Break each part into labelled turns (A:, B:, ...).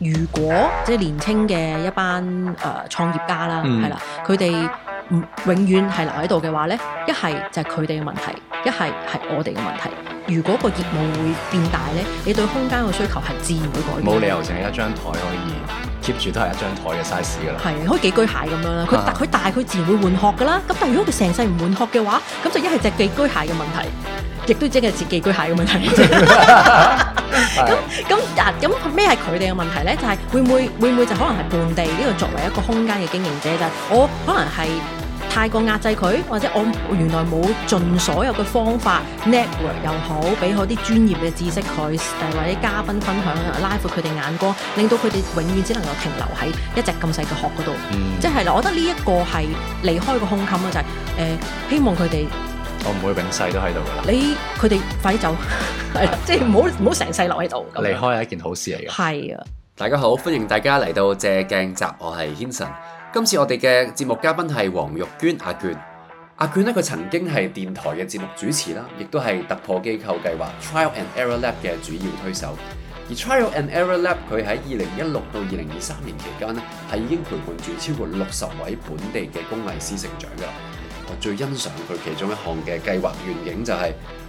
A: 如
B: 果即年青嘅一班呃、創業家啦，係啦，佢哋唔永遠係留喺度嘅話咧，一係就係佢哋嘅問題，一係係我哋嘅問題。如果個業務會變大咧，你對空間嘅需求係自然會改變。冇理由成
A: 一張台可以 keep 住都係一張台嘅 size 噶
B: 啦。係開寄居蟹咁樣啦，佢、嗯、大佢大佢自然會換殼噶啦。咁但係如果佢成世唔換殼嘅話，咁就一係隻寄居蟹嘅問題，亦都即係隻寄居蟹嘅問題。咁咁嗱，咁咩係佢哋嘅問題咧？就係、係、會唔會會唔會就可能係半地呢、呢個作為一個空間嘅經營者，就係、我可能係。太過壓制佢，或者我原來冇盡所有嘅方法，network 又好，俾嗰啲專業嘅知識佢，誒或者嘉賓分享，拉闊佢哋眼光，令到佢哋永遠只能夠停留喺一隻咁細嘅殼嗰度，嗯、即係啦。我覺得呢一個係離開個胸襟啊，就係誒希望佢哋，
A: 我唔會永世都喺度噶啦。你
B: 佢哋快啲走， 即係唔好唔好成世留喺度。離
A: 開係一件好事嚟
B: 嘅。係、啊，
A: 大家好，歡迎大家嚟到借鏡集，我係 Eason。今次我哋嘅節目嘉賓係王育娟阿絹，阿絹呢，佢曾經係電台嘅節目主持啦，亦都係突破機構計劃 Trial and Error Lab 嘅主要推手。而 Trial and Error Lab 佢喺二零一六到二零二三年期間呢，係已經陪伴住超過六十位本地嘅工藝師成長噶。我最欣賞佢其中一項嘅計劃願景就係，是。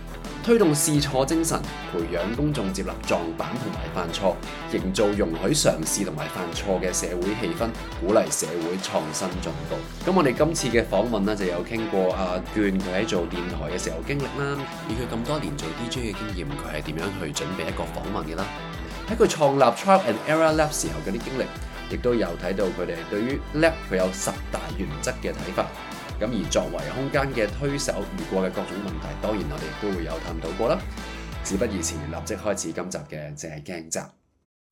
A: 推動試錯精神，培養公眾接納撞板同埋犯錯，營造容許嘗試同埋犯錯嘅社會氣氛，鼓勵社會創新進步。咁我哋今次嘅訪問咧就有傾過阿絹，佢、啊、喺做電台嘅時候經歷啦，以佢咁多年做 DJ 嘅經驗，佢係點樣去準備一個訪問嘅啦？喺佢創立 Trial and Error Lab 時候嘅啲經歷，亦都有睇到佢哋對於 lab 佢有十大原則嘅睇法。咁而作為空間嘅推手，遇過嘅各種問題，當然我哋都會有探討過啦。事不宜遲，立即開始今集嘅借鏡集。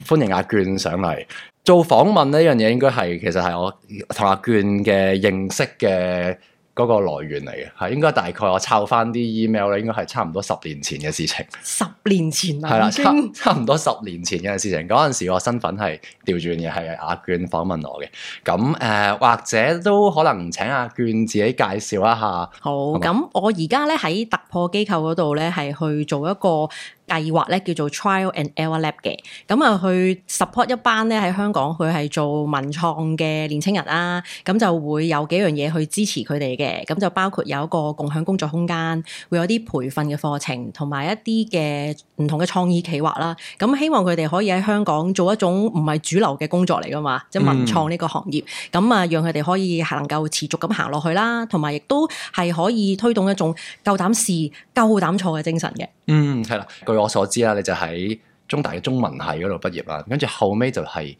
A: 歡迎阿娟上嚟。做訪問呢樣嘢，應該係其實係我同阿娟嘅認識嘅。嗰個來源嚟嘅，係應該大概我抄翻啲 email 咧，應該係差唔多十年前嘅事情。十
B: 年前啊，係啦，差
A: 差唔多十年前嘅事情。嗰陣時我身份係調轉嘅，係阿絹訪問我嘅。咁誒、呃，或者都可能請阿絹自己介紹一下。
B: 好，咁我而家咧喺突破機構嗰度咧，係去做一個計劃咧叫做 Trial and Error Lab 嘅，咁啊去 support 一班咧喺香港佢係做文創嘅年青人啦，咁就會有幾樣嘢去支持佢哋嘅，咁就包括有一個共享工作空間，會有啲培訓嘅課程，同埋一啲嘅唔同嘅創意企劃啦，咁希望佢哋可以喺香港做一種唔係主流嘅工作嚟㗎嘛，即係文創呢個行業，咁啊讓佢哋可以能夠持續咁行落去啦，同埋亦都係可以推動一種夠膽試夠膽錯嘅精神嘅。嗯，
A: 係啦。我所知啦，你就喺中大嘅中文系嗰度畢業啦，跟住後尾就係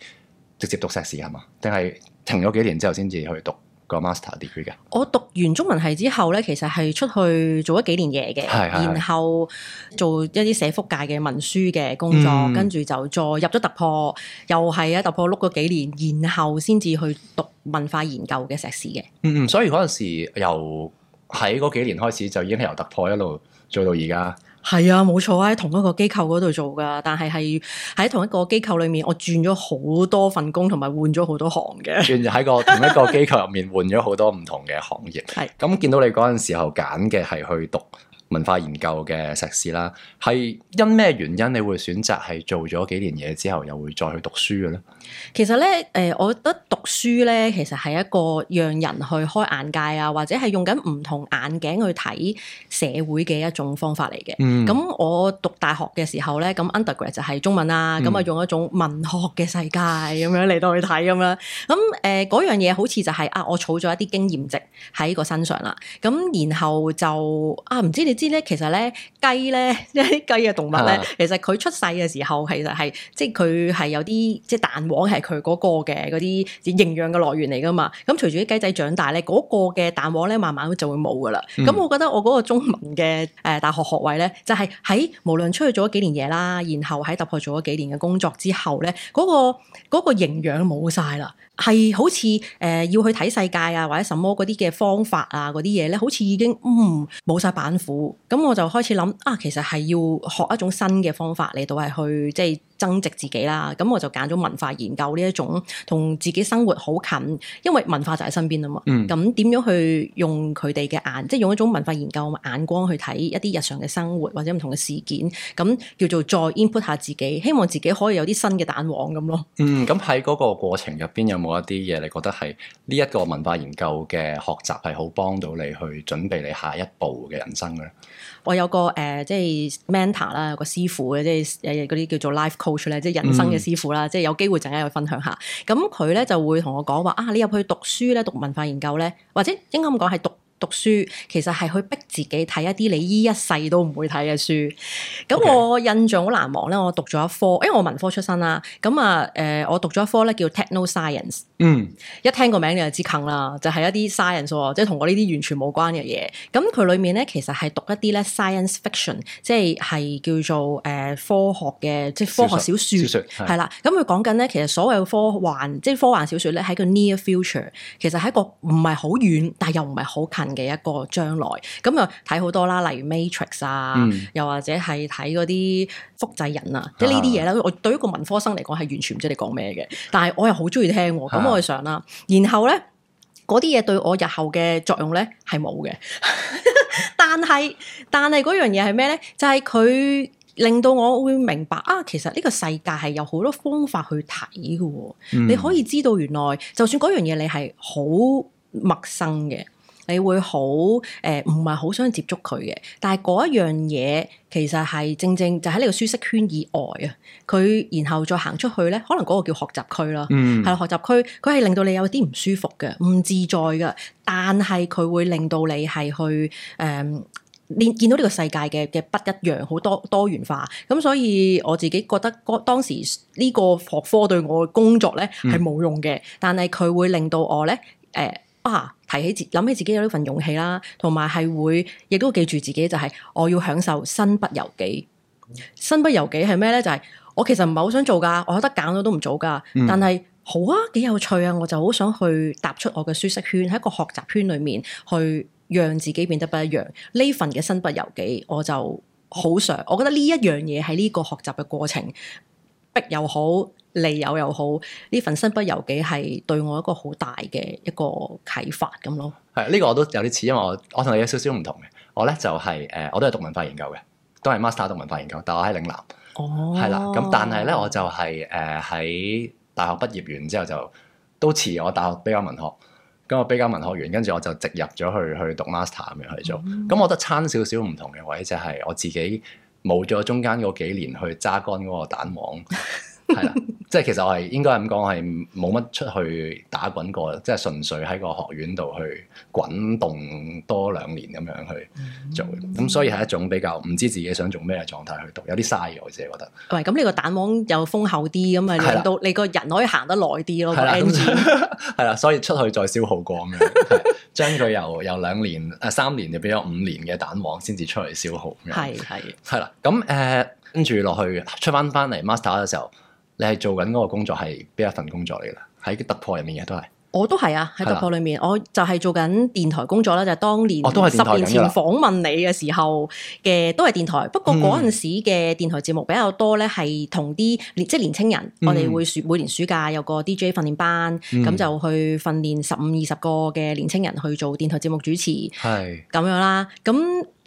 A: 直接讀碩士係嘛？定係停咗幾年之後先至去讀個 master degree 嘅？
B: 我讀完中文系之後咧，其實係出去做咗幾年嘢嘅，是是是，然後做一啲社福界嘅文書嘅工作，嗯、跟住就再入咗突破，又係啊突破碌咗幾年，然後先至去讀文化研究嘅碩士嘅。嗯
A: 嗯，所以嗰陣時由喺嗰幾年開始就已經係由突破一路做到而家。
B: 係啊，冇錯啊，喺同一個機構嗰度做㗎，但係係喺同一個機構裏面，我轉咗好多份工，同埋換咗好多行嘅。
A: 轉 喺個同一個機構入面換咗好多唔同嘅行業。係咁 是見到你嗰陣時候揀嘅係去讀文化研究嘅碩士啦，係因咩原因你會選擇係做咗幾年嘢之後又會再去讀書嘅咧？
B: 其實咧，誒、呃、我覺得讀書咧，其實係一個讓人去開眼界啊，或者係用緊唔同眼鏡去睇社會嘅一種方法嚟嘅。嗯。咁我讀大學嘅時候咧，咁 undergrad 就係中文啊，咁啊、嗯、用一種文學嘅世界咁樣嚟到去睇咁樣。咁誒、呃、樣嘢好似就係、是、啊，我儲咗一啲經驗值喺個身上啦。咁然後就啊，唔知你。知咧，其實咧雞咧，一啲雞嘅動物咧，其實佢出世嘅時候，其實係即係佢係有啲即係蛋黃係佢嗰個嘅嗰啲營養嘅來源嚟㗎嘛。咁隨住啲雞仔長大咧，嗰、那個嘅蛋黃咧，慢慢就會冇㗎喇。咁、嗯、我覺得我嗰個中文嘅誒、呃、大學學位咧，就係、是、喺無論出去做咗幾年嘢啦，然後喺突破做咗幾年嘅工作之後咧，嗰、那個嗰、那個營養冇晒啦。係好似誒、呃、要去睇世界啊，或者什麼嗰啲嘅方法啊，嗰啲嘢咧，好似已經嗯冇晒板斧，咁我就開始諗啊，其實係要學一種新嘅方法嚟到係去即係。增值自己啦，咁我就揀咗文化研究呢一種同自己生活好近，因為文化就喺身邊啊嘛。嗯，咁點樣去用佢哋嘅眼，即係用一種文化研究眼光去睇一啲日常嘅生活或者唔同嘅事件，咁叫做再 input 下自己，希望自己可以有啲新嘅蛋黃咁咯。嗯，
A: 咁喺嗰個過程入邊有冇一啲嘢你覺得係呢一個文化研究嘅學習係好幫到你去準備你下一步嘅人生嘅咧？
B: 我有個誒、呃，即係 mentor 啦，個師傅嘅，即係誒嗰啲叫做 life coach 咧，即係人生嘅師傅啦。嗯、即係有機會陣間去分享下。咁佢咧就會同我講話啊，你入去讀書咧，讀文化研究咧，或者應該咁講係讀讀書，其實係去逼自己睇一啲你依一世都唔會睇嘅書。咁 Okay。我印象好難忘咧，我讀咗一科，因為我文科出身啦。咁啊誒，我讀咗一科咧叫 techno science。嗯，mm. 一聽個名你就知㗎啦，就係、是、一啲 science 喎，即係同我呢啲完全冇關嘅嘢。咁佢裏面咧其實係讀一啲咧 science fiction，即係係叫做誒、呃、科學嘅即係科學小
A: 說係啦，
B: 咁佢講緊咧，其實所謂嘅科幻即係科幻小說咧，喺個 near future，其實係一個唔係好遠但係又唔係好近嘅一個將來，咁又睇好多啦，例如 Matrix 啊，嗯、又或者係睇啲複製人啊，啊即係呢啲嘢咧。我對於個文科生嚟講係完全唔知你講咩嘅，但係我又好中意聽喎、喔。的去嘗啦，然後咧嗰啲嘢對我日後嘅作用咧係冇嘅，但係但係嗰樣嘢係咩咧？就係、是、佢令到我會明白啊，其實呢個世界係有好多方法去睇嘅、哦，嗯、你可以知道原來就算嗰樣嘢你係好陌生嘅。你會好誒，唔係好想接觸佢嘅。但係嗰一樣嘢，其實係正正就喺呢個舒適圈以外啊。佢然後再行出去咧，可能嗰個叫學習區啦，係、嗯、學習區。佢係令到你有啲唔舒服嘅，唔自在嘅，但係佢會令到你係去誒、呃，見見到呢個世界嘅嘅不一樣，好多多元化。咁所以我自己覺得，當時呢個學科對我嘅工作咧係冇用嘅。嗯、但係佢會令到我咧誒、呃、啊！提起自諗起自己有呢份勇氣啦，同埋係會亦都記住自己就係我要享受身不由己。身不由己係咩咧？就係我其實唔係好想做㗎，我覺得揀咗都唔做㗎。嗯、但係好啊，幾有趣啊！我就好想去踏出我嘅舒適圈，喺個學習圈裡面去讓自己變得不一樣。呢份嘅身不由己，我就好想。我覺得呢一樣嘢喺呢個學習嘅過程，逼又好。利友又好，呢份身不由己係對我一個好大嘅一個啟發咁咯。
A: 係呢、這個我都有啲似，因為我我同你有少少唔同嘅。我咧就係、是、誒、呃，我都係讀文化研究嘅，都係 master 讀文化研究，但係我喺嶺南。哦，係啦。咁但係咧，我就係誒喺大學畢業完之後就都似我大學比較文學，咁我比較文學完，跟住我就直入咗去去讀 master 咁樣去做。咁、哦嗯、我覺得差少少唔同嘅位就係、是、我自己冇咗中間嗰幾年去揸乾嗰個蛋黃。 係啦，即係其實我係應該咁講，係冇乜出去打滾過，即係純粹喺個學院度去滾動多兩年咁樣去做，咁、嗯、所以係一種比較唔知自己想做咩嘅狀態去讀，有啲嘥，我自己覺得。
B: 喂，咁你個蛋黃又豐厚啲咁啊，令到你個人可以行得耐啲咯。係啦，係啦
A: ，booster, 所以出去再消耗過咁樣，將佢由由兩年誒三、呃、年就變咗五年嘅蛋黃先至出嚟消耗。係係係啦，咁誒跟住落去出翻翻嚟 Master 嘅時候。你係做緊嗰個工作係邊一份工作嚟噶？喺突破入面嘅都係，
B: 我都係啊！喺突破裏面，是啊、我就係做緊電台工作啦。就係、是、當年，我都係十年前訪問你嘅時候嘅，都係電台。不過嗰陣時嘅電台節目比較多咧，係同啲即係年青人，我哋會每年暑假有個 DJ 訓練班，咁、嗯、就去訓練十五二十個嘅年青人去做電台節目主持，係咁是的 樣啦。咁。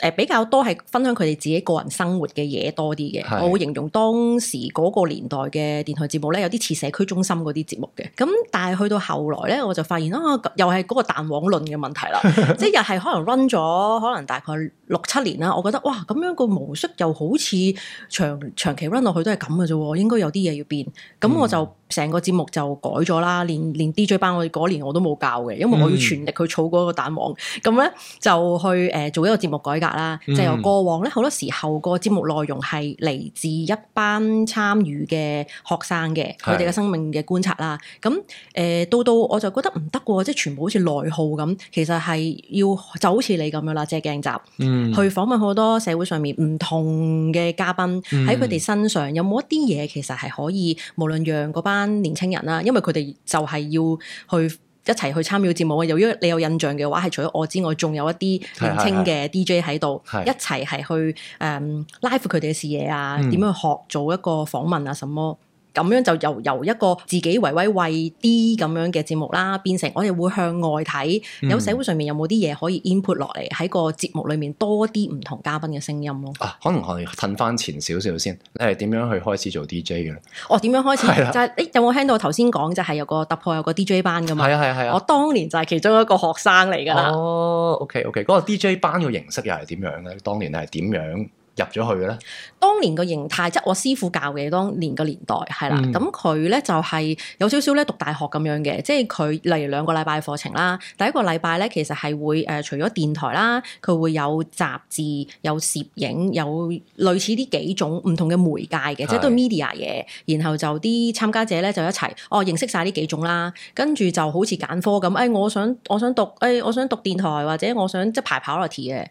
B: 誒比較多係分享佢哋自己個人生活嘅嘢多啲嘅，是的 我會形容當時嗰個年代嘅電台節目咧，有啲似社區中心嗰啲節目嘅。咁但係去到後來咧，我就發現啦、啊，又係嗰個彈簧論嘅問題啦， 即係又係可能 run 咗可能大概六七年啦，我覺得哇，咁樣個模式又好似長長期 run 落去都係咁嘅啫喎，應該有啲嘢要變，咁我就、嗯。成個節目就改咗啦，連連 DJ 班我嗰年我都冇教嘅，因為我要全力去儲嗰個蛋網。咁咧、嗯、就去誒、呃、做一個節目改革啦，就、嗯、由過往咧好多時候個節目內容係嚟自一班參與嘅學生嘅佢哋嘅生命嘅觀察啦。咁、嗯、誒到到我就覺得唔得喎，即係全部好似內耗咁。其實係要就好似你咁樣啦，即係借鏡集、嗯、去訪問好多社會上面唔同嘅嘉賓，喺佢哋身上有冇一啲嘢其實係可以，無論讓班。年青人啦，因為佢哋就係要去一齊去參與節目啊。由於你有印象嘅話，係除咗我之外，仲有一啲年青嘅 DJ 喺度，是是是一齊係去誒拉闊佢哋嘅視野啊，點、嗯、樣去學做一個訪問啊，什麼？咁樣就由由一個自己維維維圍威喂啲咁樣嘅節目啦，變成我哋會向外睇，嗯、有社會上面有冇啲嘢可以 input 落嚟，喺個節目裡面多啲唔同嘉賓嘅聲音咯。啊，
A: 可能我哋褪翻前少少先，你係點樣去開始做 DJ 嘅咧？
B: 我點樣開始？啊、就係、是、呢、哎，有冇聽到頭先講就係、是、有個突破，有個 DJ 班噶嘛？係啊係啊係啊！啊啊我當年就係其中一個學生嚟噶啦。哦
A: ，OK OK，嗰個 DJ 班嘅形式又係點樣咧？當年係點樣入咗去嘅咧？
B: 當年個形態，即係我師傅教嘅。當年個年代係啦，咁佢咧就係有少少咧讀大學咁樣嘅，即係佢例如兩個禮拜課程啦，第一個禮拜咧其實係會誒、呃，除咗電台啦，佢會有雜誌、有攝影、有類似啲幾種唔同嘅媒介嘅，是的 即係都係 media 嘢。然後就啲參加者咧就一齊哦認識晒呢幾種啦，跟住就好似揀科咁，誒、哎、我想我想讀誒、哎、我想讀電台或者我想即係排跑落去嘅。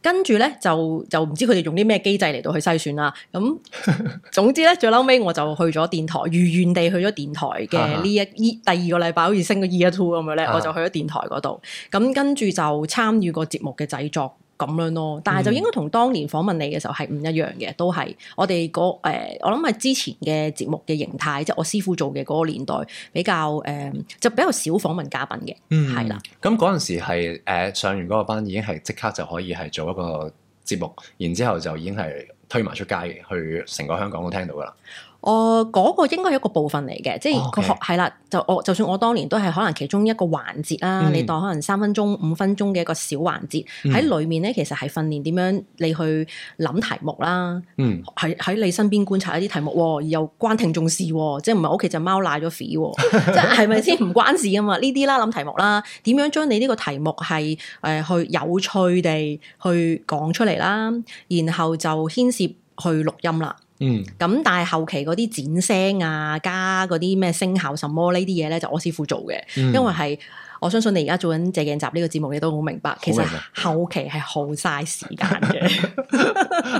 B: 跟住咧就就唔知佢哋用啲咩機制嚟到去篩選。啦咁， 總之咧，最嬲尾我就去咗電台，如願地去咗電台嘅呢一依 第二個禮拜，好似升咗 year two 咁嘅咧，我就去咗電台嗰度。咁 跟住就參與個節目嘅製作咁樣咯。但係就應該同當年訪問你嘅時候係唔一樣嘅，都係我哋嗰誒，我諗係之前嘅節目嘅形態，即係我師傅做嘅嗰個年代比較誒、呃，就比較少訪問嘉賓嘅。
A: 嗯，係啦的。咁嗰陣時係誒、呃、上完嗰個班已經係即刻就可以係做一個節目，然後之後就已經係。推埋出街，去成個香港都聽到㗎啦。
B: 我嗰個應該係一個部分嚟嘅，即係佢學係啦 Okay.。就我就算我當年都係可能其中一個環節啦。嗯、你當可能三分鐘、五分鐘嘅一個小環節喺、嗯、裡面咧，其實係訓練點樣你去諗題目啦。嗯，係喺你身邊觀察一啲題目，喔、而又關聽眾事，即係唔係屋企隻貓瀨咗屎，喔、 即係係咪先唔關事啊嘛？呢啲啦，諗題目啦，點樣將你呢個題目係誒、呃、去有趣地去講出嚟啦，然後就牽涉去錄音啦。嗯，咁但係後期嗰啲剪聲啊，加嗰啲咩聲效，什麼，什麼呢啲嘢咧，就我師傅做嘅。嗯、因為係我相信你而家做緊借鏡集呢、這個節目，你都好明白，其實後期係耗晒時間嘅，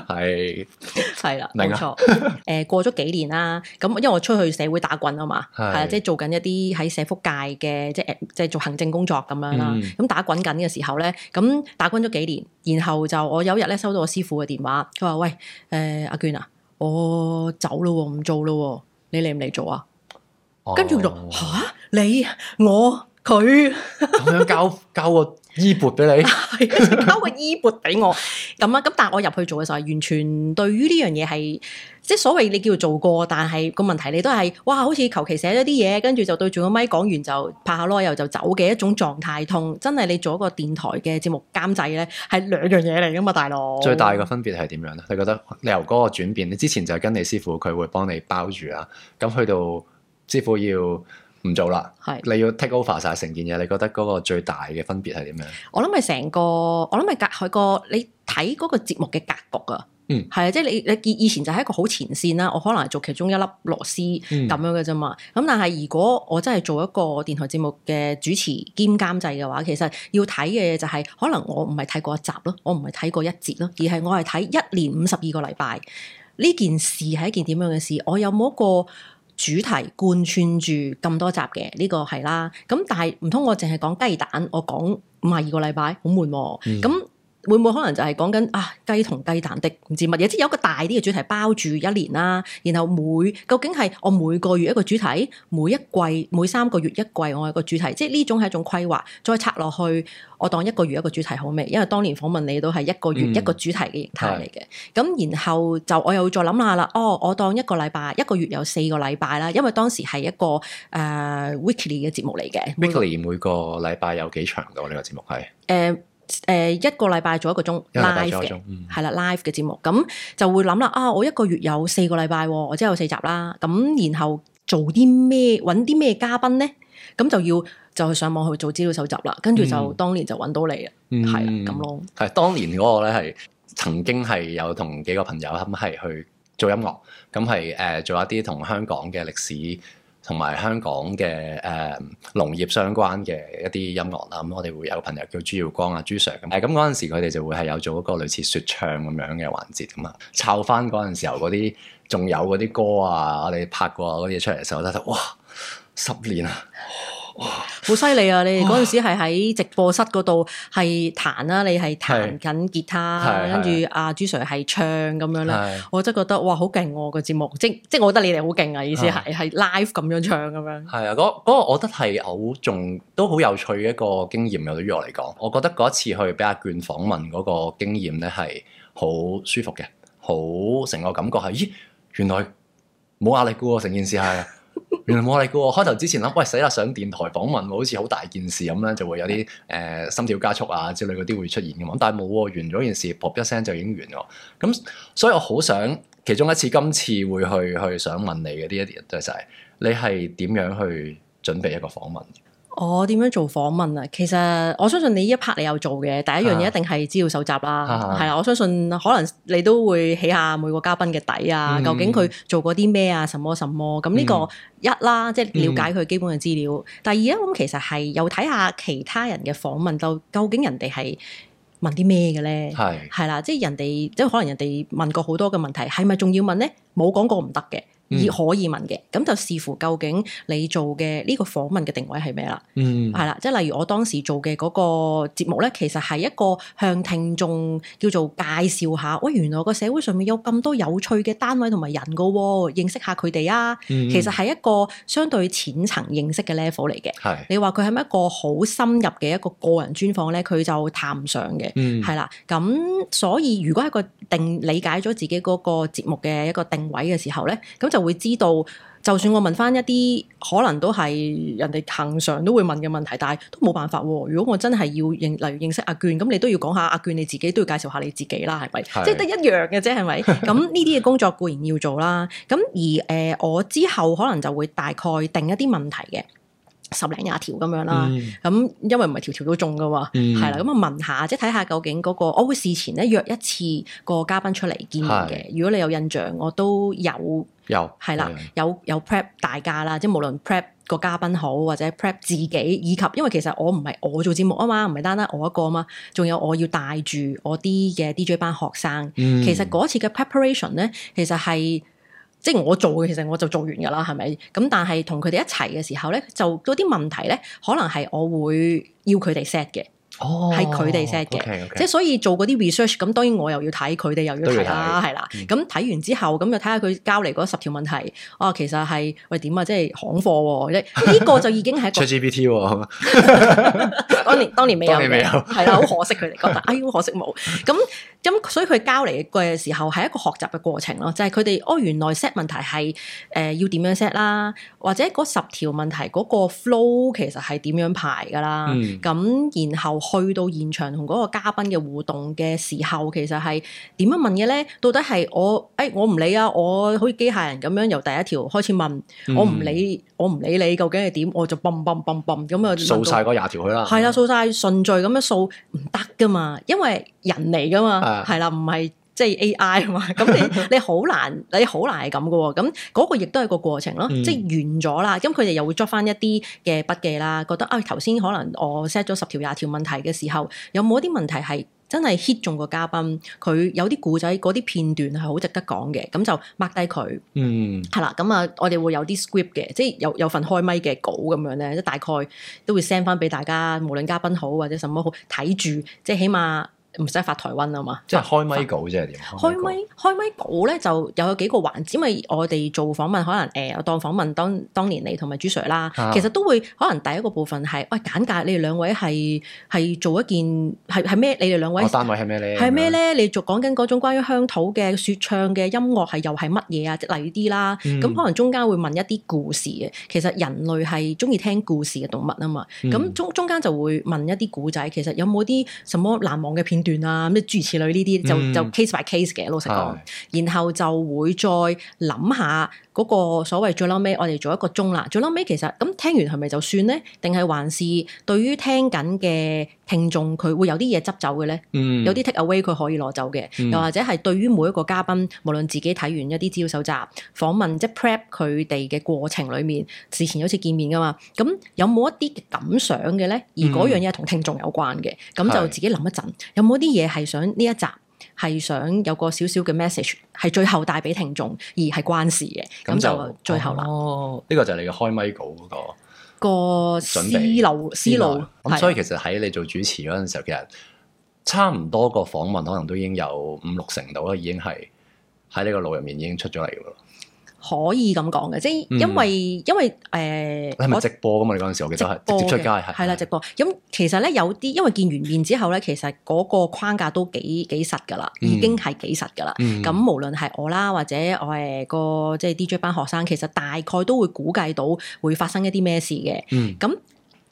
B: 係係啦，冇錯，誒 過咗幾年啦，咁因為我出去社會打滾啊嘛，係啊是，即係做緊一啲喺社福界嘅，即係即係做行政工作咁樣啦，咁、嗯、打滾緊嘅時候咧，咁打滾咗幾年，然後就我有一日咧收到我師傅嘅電話，佢話喂，誒、呃、阿娟啊。我、哦、走咯、哦，唔做咯、哦，你嚟唔嚟做啊？跟住佢就吓你我佢咁樣教教我。 E
A: 播俾你，跟
B: 住交個 E 播俾我，咁啊，咁但係我入去做嘅時候，完全對於呢樣嘢係，即係所謂你叫做做過，但係個問題你都係，哇，好似求其寫咗啲嘢，跟住就對住個咪講完就拍下籮柚就走嘅一種狀態，痛，真係你做一個電台嘅節目監製咧，係兩樣嘢嚟噶嘛，大佬。最大嘅
A: 分別係點樣咧？你覺得你由嗰個轉變，你之前就係跟你師傅佢會幫你包住啊，咁去到師傅要。唔做啦，係是你要 take over 晒成件嘢。你覺得嗰個最大嘅分別係點樣？
B: 我諗係成個，我諗係隔佢個你睇嗰個節目嘅格局啊。嗯，係啊，即係你你以前就係一個好前線啦。我可能係做其中一粒螺絲咁、嗯、樣嘅啫嘛。咁但係如果我真係做一個電台節目嘅主持兼監製嘅話，其實要睇嘅嘢就係、是、可能我唔係睇過一集咯，我唔係睇過一節咯，而係我係睇一年五十二個禮拜呢件事係一件點樣嘅事？我有冇一個？主題貫穿住咁多集嘅呢個係啦、啊，咁但係唔通我淨係講雞蛋，我講五十二個禮拜好悶喎、啊，咁、嗯。會唔會可能就係講緊啊雞同雞蛋的唔知乜嘢，即係有一個大啲嘅主題包住一年啦。然後每究竟係我每個月一個主題，每一季每三個月一季我一個主題，即係呢種係一種規劃。再拆落去，我當一個月一個主題好未？因為當年訪問你都係一個月一個主題嘅形態嚟嘅。咁、嗯、然後就我又再諗下啦。哦，我當一個禮拜一個月有四個禮拜啦。因為當時係一個誒、uh, weekly 嘅節目嚟嘅。Weekly
A: 每個禮拜有幾長度呢、啊這個節目係誒
B: ？Uh, 誒、呃、一個禮拜做一個鐘 live 嘅，係啦 live 嘅節目，咁就會諗啦啊！我一個月有四個禮拜，我即係有四集啦。咁然後做啲咩？揾啲咩嘉賓咧？咁就要就去上網去做資料搜集啦。跟住就、嗯、就當年就揾到你啦，係
A: 啦、嗯、咁咯。係當年嗰個咧係曾經係有同幾個朋友咁係去做音樂，咁係誒做一啲同香港嘅歷史。同埋香港嘅誒、呃、農業相關嘅一啲音樂啦，咁、嗯、我哋會有朋友叫朱耀光啊、朱 Sir 咁、啊，係咁，嗰陣時佢哋就會係有做一個類似説唱咁樣嘅環節啊嘛，抄翻嗰陣時候嗰啲仲有嗰啲歌啊，我哋拍過嗰啲嘢出嚟嘅時候咧覺得：哇「哇十年啊！哦
B: 哇！好犀利啊！你哋嗰陣時係喺直播室嗰度係彈啦，你係彈緊吉他，跟住阿、啊、朱 Sir 係唱咁樣咧。是我真覺得哇，好勁喎個節目！即即我覺得你哋好勁啊！意思係係 live 咁樣唱咁樣。
A: 係啊，嗰、嗰個嗰個我覺得係好仲都好有趣嘅一個經驗，由於我嚟講。我覺得嗰次去俾阿絹訪問嗰個經驗咧係好舒服嘅，好成個感覺係咦，原來冇壓力嘅喎成件事係。 原來冇力噶喎！開頭之前諗，喂，死喇，上電台訪問，好似好大件事咁咧，就會有啲誒、呃、心跳加速啊之類嗰啲會出現嘅嘛。但係冇喎，完咗件事，卜一聲就已經完咗。咁所以我好想其中一次今次會去去想問你嘅呢一啲，就係、是、你係點樣去準備一個訪問？
B: 我點、oh, 樣做訪問啊？其實我相信你呢一 part 你有做嘅，啊、第一樣嘢一定係資料搜集啦，係啦、啊啊啊。我相信可能你都會起下每個嘉賓嘅底啊，嗯、究竟佢做過啲咩啊，什麼什麼咁呢個一啦，嗯、即係了解佢基本嘅資料。嗯、第二咧，咁其實係又睇下其他人嘅訪問，就究竟人哋係問啲咩嘅咧？係係啦，即係人哋即係可能人哋問過好多嘅問題，係咪仲要問咧？冇講過唔得嘅。以可以問嘅，咁就視乎究竟你做嘅呢個訪問嘅定位係咩啦？嗯，係啦，即係例如我當時做嘅嗰個節目咧，其實係一個向聽眾叫做介紹下，喂，原來個社會上面有咁多有趣嘅單位同埋人噶喎，哦，認識下佢哋啊。嗯，其實係一個相對淺層認識嘅 level 嚟嘅。係，你話佢係咪一個好深入嘅一個個人專訪咧？佢就談唔上嘅。嗯，係啦，咁所以如果係個定理解咗自己嗰個節目嘅一個定位嘅時候咧，咁就會知道，就算我問翻一啲可能都係人哋恆常都會問嘅問題，但係都冇辦法。如果我真係要認，例如認識阿絹，咁你都要講下阿絹，你自己都要介紹下你自己啦，係咪？是 即係得一樣嘅啫，係咪？咁呢啲嘅工作固然要做啦。咁而誒、呃，我之後可能就會大概定一啲問題嘅十零廿條咁樣啦。咁、嗯、因為唔係條條都中㗎，係啦、嗯嗯。咁啊問下，即係睇下究竟嗰、那個，我會事前咧約一次個嘉賓出嚟見面嘅的。如果你有印象，我都有。有，係啦，有有 prep 大家啦，即係無論 prep 個嘉賓好，或者 prep 自己，以及因為其實我唔係我做節目啊嘛，唔係單單我一個啊嘛，仲有我要帶住我啲嘅 DJ 班學生，其實嗰次嘅 preparation 咧，其實係即係我做嘅，其實我就做完噶啦，係咪？咁但係同佢哋一齊嘅時候咧，就嗰啲問題咧，可能係我會要佢哋 set 嘅。
A: 哦，係佢哋 set 嘅，即係 okay, okay. 所
B: 以做嗰啲 research，咁當然我又要睇，佢哋又要睇啦，係啦。咁睇的、嗯、完之後，咁就睇下佢交嚟嗰十條問題，哦、啊，其實係喂點啊，即係行貨，即、這、呢個就已經係。出 GPT， 當年當年未有，未有，係啊，好可惜佢哋覺得， 哎好可惜冇。咁咁，所以佢交嚟嘅時候係一個學習嘅過程咯，就係佢哋哦，原來 set 問題係誒、呃、要點樣 set 啦，或者嗰十條問題嗰個 flow 其實係點樣排噶啦，咁、嗯、然後。去到現場同嗰個嘉賓嘅互動嘅時候，其實係點樣問嘅咧？到底係我誒、欸、我唔理啊！我好似機械人咁樣由第一條開始問，嗯、我唔理我唔理你究竟係點，我就嘣嘣嘣嘣咁樣數晒嗰廿
A: 條去啦。係啦，
B: 數晒順序咁樣數唔得噶嘛，因為人嚟噶嘛，係啦的，唔係。即係 AI 嘛，咁你你好難你好難係咁嘅喎，咁、那、嗰個亦都係個過程咯，嗯、即係完咗啦，咁佢哋又會作翻一啲嘅筆記啦，覺得啊頭先可能我 set 咗十條廿條問題嘅時候，有冇一啲問題係真係 hit 中個嘉賓，佢有啲故仔嗰啲片段係好值得講嘅，咁就 mark 低佢，嗯，係啦，咁啊我哋會有啲 script 嘅，即係有有份開咪嘅稿咁樣咧，即大概都會 send 翻俾大家，無論嘉賓好或者什麼好睇住，即係起碼。唔使發台灣啊嘛！即係開咪稿，
A: 即係點？開
B: 咪？開咪稿咧，就有幾個環節，因為我哋做訪問，可能誒、呃、當訪問當當年你同埋朱 Sir 啦，啊、其實都會可能第一個部分係喂、哎、簡介，你哋兩位係係做一件係係咩？你哋兩位我、哦、單
A: 位係咩咧？係咩咧？
B: 你仲講緊嗰種關於鄉土嘅説唱嘅音樂係又係乜嘢啊？即係例如啲啦，咁、嗯、可能中間會問一啲故事嘅，其實人類係中意聽故事嘅動物啊嘛，咁中中間就會問一啲古仔，其實有冇啲什麼難忘嘅片段啊咩啲諸如此類，呢啲就就 case by case 嘅，老實講，是的 然後就會再諗下嗰個所謂最嬲尾，我哋做一個鐘啦。最嬲尾其實咁聽完係咪就算咧？定係還是對於聽緊嘅？聽眾佢會有啲嘢執走嘅咧，嗯、有啲 take away 佢可以攞走嘅，嗯、又或者係對於每一個嘉賓，無論自己睇完一啲資料搜集、訪問即係、就是、prep 佢哋嘅過程裡面，事前有次見面噶嘛，咁有冇一啲感想嘅咧？而嗰樣嘢同聽眾有關嘅，咁、嗯、就自己諗一陣，是有冇啲嘢係想呢一集係想有個少少嘅 message，係最後帶俾聽眾而關係關事嘅，咁就，就最後啦。
A: 哦，呢、這個就係你嘅開咪稿嗰、那個。
B: 個思路思路，咁、嗯、所以其
A: 實喺你做主持陣時候，其實差唔多個訪問可能都已經有五六成度啦，已經係，喺呢個路入面已經出咗嚟噶
B: 可以咁講嘅，即係因為、嗯、因為誒，係咪、呃、直
A: 播噶嘛，你嗰陣時我記得係直，直接出街係
B: 啦，的的直播咁、嗯、其實咧有啲，因為見完面之後咧，其實嗰個框架都幾幾實噶啦，已經係幾實噶啦。咁、嗯、無論係我啦，或者我誒個即係 DJ 班學生，其實大概都會估計到會發生一啲咩事嘅。咁、嗯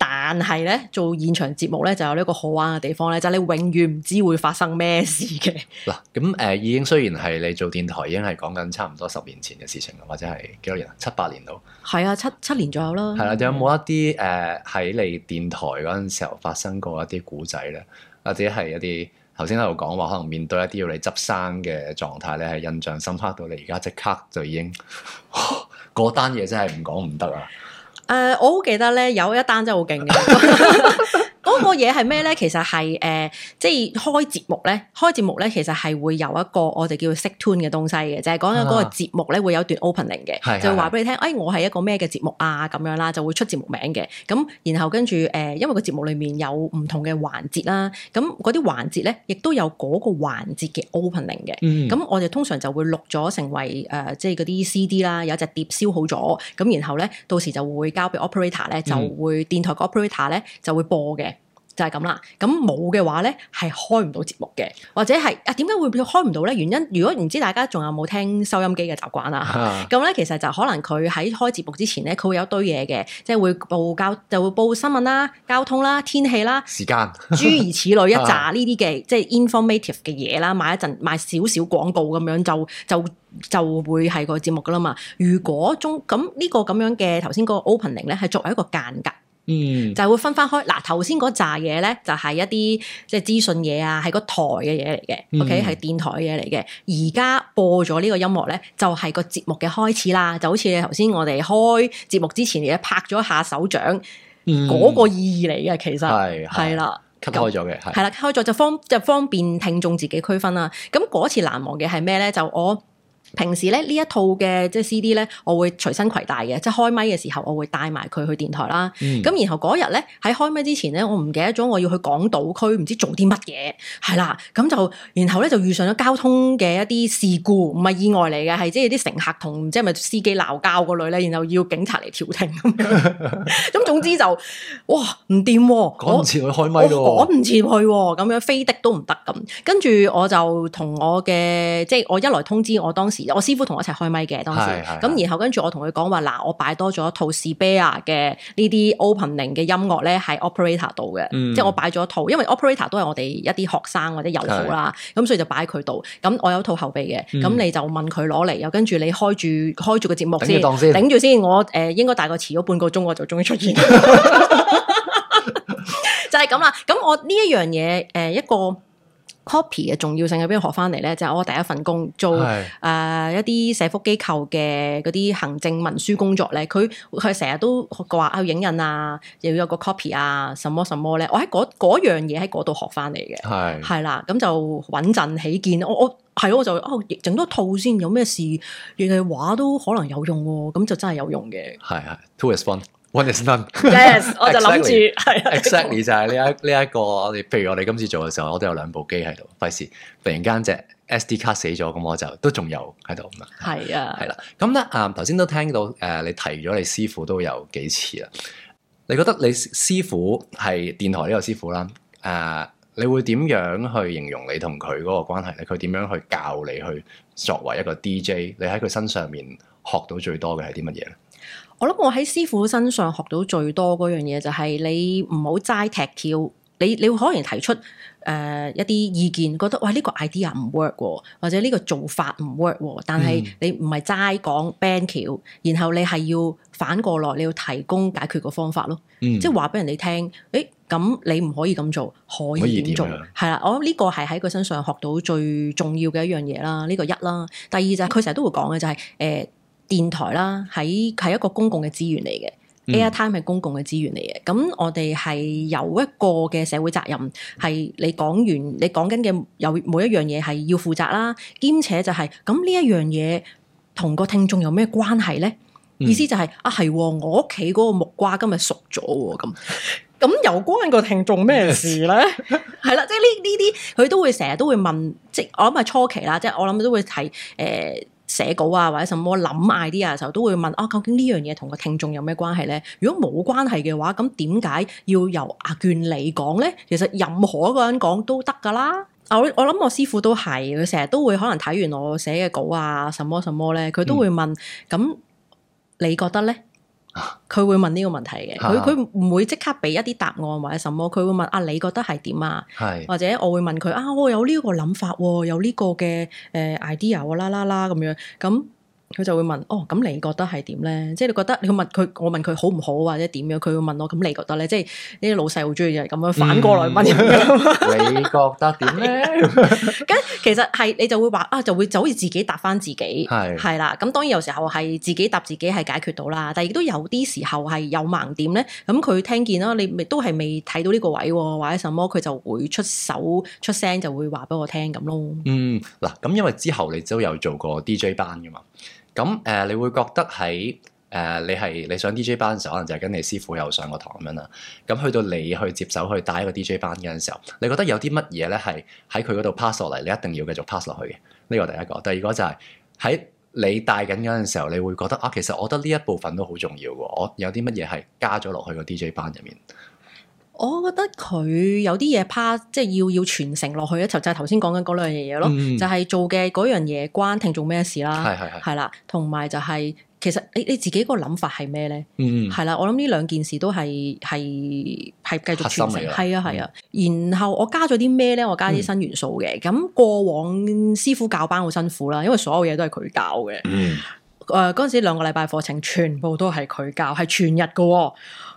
B: 但係咧做現場節目咧就有呢一個好玩嘅地方咧，就係、你永遠唔知會發生咩事嘅。
A: 嗱，咁、呃、誒已經雖然係你做電台已經係講緊差唔多十年前嘅事情啦，或者係幾多年，年啊？七八年度，
B: 係啊，七七年左右啦。係啦、啊，
A: 仲有冇一啲誒喺你電台嗰陣時候發生過一啲古仔咧，或者係一啲頭先喺度講話，可能面對一啲要你執生嘅狀態咧，係印象深刻到你而家即刻就已經嗰單嘢真係唔講唔得啊！
B: 呃，我好記得呢，有一單真係好勁嘅。 個嘢係咩咧？嗯、其實係誒、呃，即係開節目咧，開節目咧，其實係會有一個我哋叫做 set tune 嘅東西嘅，就係講緊嗰個節目咧會有段 opening 嘅，啊、就話俾你聽，誒是的、哎，我係一個咩嘅節目啊咁樣啦，就會出節目名嘅。咁然後跟住誒，因為個節目裡面有唔同嘅環節啦，咁嗰啲環節咧，亦都有嗰個環節嘅 opening 嘅。咁、嗯、我哋通常就會錄咗成為誒，即係嗰啲 CD 啦，有隻碟燒好咗。咁然後咧，到時就會交俾 operator 咧，就會電台個 operator 咧就會播嘅。嗯就係咁啦，咁冇嘅話咧，係開唔到節目嘅，或者係啊，點解會開唔到咧？原因如果唔知大家仲有冇聽收音機嘅習慣啦、啊，咁咧 其實就可能佢喺開節目之前咧，佢會有一堆嘢嘅，即係會報交就會報新聞啦、交通啦、天氣啦、
A: 時間 諸如此類一紮呢
B: 啲嘅即係 informative 嘅嘢啦，賣一陣賣少少廣告咁樣就就就會係個節目噶啦嘛。如果中咁呢個咁樣嘅頭先嗰個 opening 咧，係作為一個間隔。嗯、就會分翻開嗱，頭先嗰紮嘢咧就係、是、一啲即係資訊嘢啊，係個台嘅嘢嚟嘅，OK 係電台嘢嚟嘅。而家播咗呢個音樂咧，就係、是、個節目嘅開始啦，就好似你頭先我哋開節目之前咧拍咗下手掌嗰、嗯、個意義嚟嘅，嗯、其實係係啦 cut 開咗嘅係啦 cut 開咗就方就方便聽眾自己區分啦。咁嗰次難忘嘅係咩咧？就我。平時咧呢一套嘅即係 CD 咧，我會隨身攜帶嘅，即係開咪嘅時候，我會帶埋佢去電台啦。咁、嗯、然後嗰日咧喺開咪之前咧，我唔記得咗我要去港島區，唔知做啲乜嘢係啦。咁就然後咧就遇上咗交通嘅一啲事故，唔係意外嚟嘅，係即係啲乘客同即係咪司機鬧交嗰類咧，然後要警察嚟調停。咁 總之就哇唔掂，趕唔切去開咪咯，趕唔切去咁樣飛的都唔得咁。跟住我就同我嘅即係我一來通知我當時。我師傅同我一齊開咪嘅當時，咁是然後跟住我同佢講話，嗱，我擺多咗套史卑亞嘅呢啲 opening 嘅音樂咧，喺 operator 度嘅，即係我擺咗一套，因為 operator 都係我哋一啲學生或者友好啦，咁是是 所以就擺喺佢度。咁我有套後備嘅，咁、嗯、你就問佢攞嚟，又跟住你開住開住個節目先，先，頂住先，先。 我誒應該大概遲咗半個鐘我就終於出現，就係咁啦。咁我呢一樣嘢誒一個。一個 Copy 嘅重要性喺邊度學翻嚟咧？就係、我第一份工做誒一啲社福機構嘅嗰啲行政文書工作咧，佢佢成日都話啊影印啊，又要有個 copy 啊，什麼什麼咧？我喺嗰樣嘢喺嗰度學翻嚟嘅，係係啦，咁就穩陣起見，我我係我就啊整、哦、多套先，有咩事原嘅話都可能有用喎、啊，咁就真係有用嘅。
A: 係係，two is fun。One is none。Yes， exactly, 我就諗住係。啊、exactly 就係呢一呢一個我哋，譬、這個、如我哋今次做嘅時候，我都有兩部機喺度，費事突然間隻 SD 卡死咗，咁我就都仲有喺度。
B: 係啊，係
A: 啦、 啊。咁咧，啊頭先都聽到誒、啊，你提咗你師傅都有幾次啦。你覺得你師傅係電台呢個師傅啦？誒、啊，你會點樣去形容你同佢嗰個關係咧？佢點樣去教你去作為一個 DJ？你喺佢身上面學到最多嘅係啲乜嘢咧？
B: 我諗我喺師傅身上學到最多嗰樣嘢就係你唔好齋踢橋，你你可能提出誒、呃、一啲意見，覺得哇呢、這個 idea 唔 work 喎，或者呢個做法唔 work 喎，但係你唔係齋講 ban 橋，然後你係要反過來你要提供解決個方法咯，嗯、即係話俾人哋聽，誒咁你唔可以咁做，可以點做？係啦、啊，我諗呢個係喺佢身上學到最重要嘅一樣嘢啦，呢、這個一啦。第二就係佢成日都會講嘅就係、是、誒。呃電台啦，喺係一個公共嘅資源嚟嘅，Airtime 係公共嘅資源嚟嘅。咁我哋係有一個嘅社會責任，係你講完你講緊嘅有每一樣嘢係要負責啦。兼且就係、是、咁呢一樣嘢，同個聽眾有咩關係咧？意思就係、是、啊，係我屋企嗰個木瓜今日熟咗咁，咁又關個聽眾咩事咧？係啦， 即係呢呢啲，佢都會成日都會問，即我諗係初期啦，即係我諗都會睇。誒、呃。寫稿啊，或者什麼諗 idea 嘅時候都會問啊，究竟呢樣嘢同個聽眾有咩關係咧？如果冇關係嘅話，咁點解要由阿絹嚟講咧？其實任何一個人講都得噶啦。我我諗我師傅都係，佢成日都會可能睇完我寫嘅稿啊，什麼什麼咧，佢都會問，咁、嗯、你覺得咧？佢、啊、會問呢個問題嘅，佢佢唔會即刻俾一啲答案或者什麼，佢會問啊，你覺得係點啊？是或者我會問佢啊，我有呢個諗法、啊，有呢個嘅誒、呃、idea 啦啦啦咁樣咁。佢就會問：哦，咁你覺得係點咧？即係你覺得你問佢，我問佢好唔好或者點樣？佢會問我：咁你覺得咧？即係呢啲老細好中意咁樣反過來問。你覺得點咧？咁 其實係你就會話啊，就會就好似自己答返自己係係啦。咁是當然有時候係自己答自己係解決到啦，但係亦都有啲時候係有盲點咧。咁佢聽見啦，你咪都係未睇到呢個位或者什麼，佢就會出手出聲就會話俾我聽咁咯。嗯，
A: 嗱咁因為之後你都有做過 DJ 班噶嘛。咁誒、呃，你會覺得喺誒、呃，你係你上 DJ 班嘅時候，可能就係跟你師傅又上過堂咁樣啦。咁去到你去接手去帶一個 DJ 班嘅時候，你覺得有啲乜嘢咧，係喺佢嗰度 pass 落嚟，你一定要繼續 pass 落去嘅。呢個第一個，第二個就係喺你帶緊嗰陣時候，你會覺得啊，其實我覺得呢一部分都好重要嘅。我有啲乜嘢係加咗落去個 DJ 班入面？
B: 我覺得佢有啲嘢趴，即係要要傳承落去一層，就係頭先講緊嗰兩樣嘢咯，就係做嘅嗰樣嘢關聽做咩事啦，係啦，同埋就係其實你你自己個諗法係咩咧？係啦，我諗呢兩件事都係係係繼續傳承，係啊係啊。然後我加咗啲咩咧？我加啲新元素嘅。咁過往師傅教班好辛苦啦，因為所有嘢都係佢教嘅。嗯。誒嗰陣時兩個禮拜課程全部都係佢教，係全日㗎。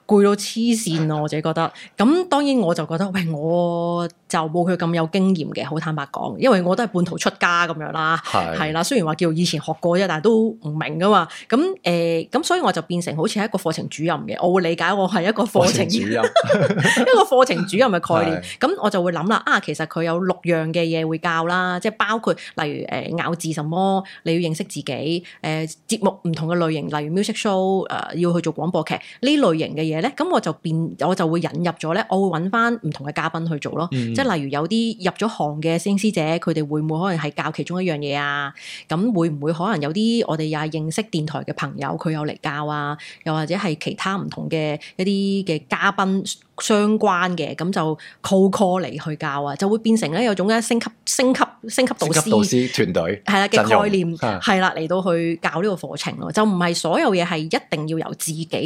B: 攰到黐線咯，我自己覺得。咁當然我就覺得，喂，我就冇佢咁有經驗嘅，好坦白講。因為我都係半途出家咁樣啦，係啦的。雖然話叫以前學過啫，但係都唔明㗎嘛。咁誒，咁、呃、所以我就變成好似係一個課程主任嘅。我會理解我係一， 一個課程主任，一個課程主任嘅概念。咁的我就會諗啦，啊，其實佢有六樣嘅嘢會教啦，即係包括例如誒咬字什麼，你要認識自己。誒、呃、節目唔同嘅類型，例如 music show，誒、呃、要去做廣播劇呢類型嘅嘢。嘢咧，咁我就變，我就會引入咗咧，我會揾翻唔同嘅嘉賓去做咯。即係、嗯嗯、例如有啲入咗行嘅師兄師姐，佢哋會唔會可能係教其中一樣嘢啊？咁會唔會可能有啲我哋也認識電台嘅朋友，佢又嚟教啊？又或者係其他唔同嘅一啲嘅嘉賓？相關嘅咁就 call call 嚟去教啊，就會變成咧有種咧升級、升級、升級導師,升級導
A: 師團隊係啦嘅概念，係
B: 啦嚟到去教呢個課程咯，就唔係所有嘢係一定要由自己去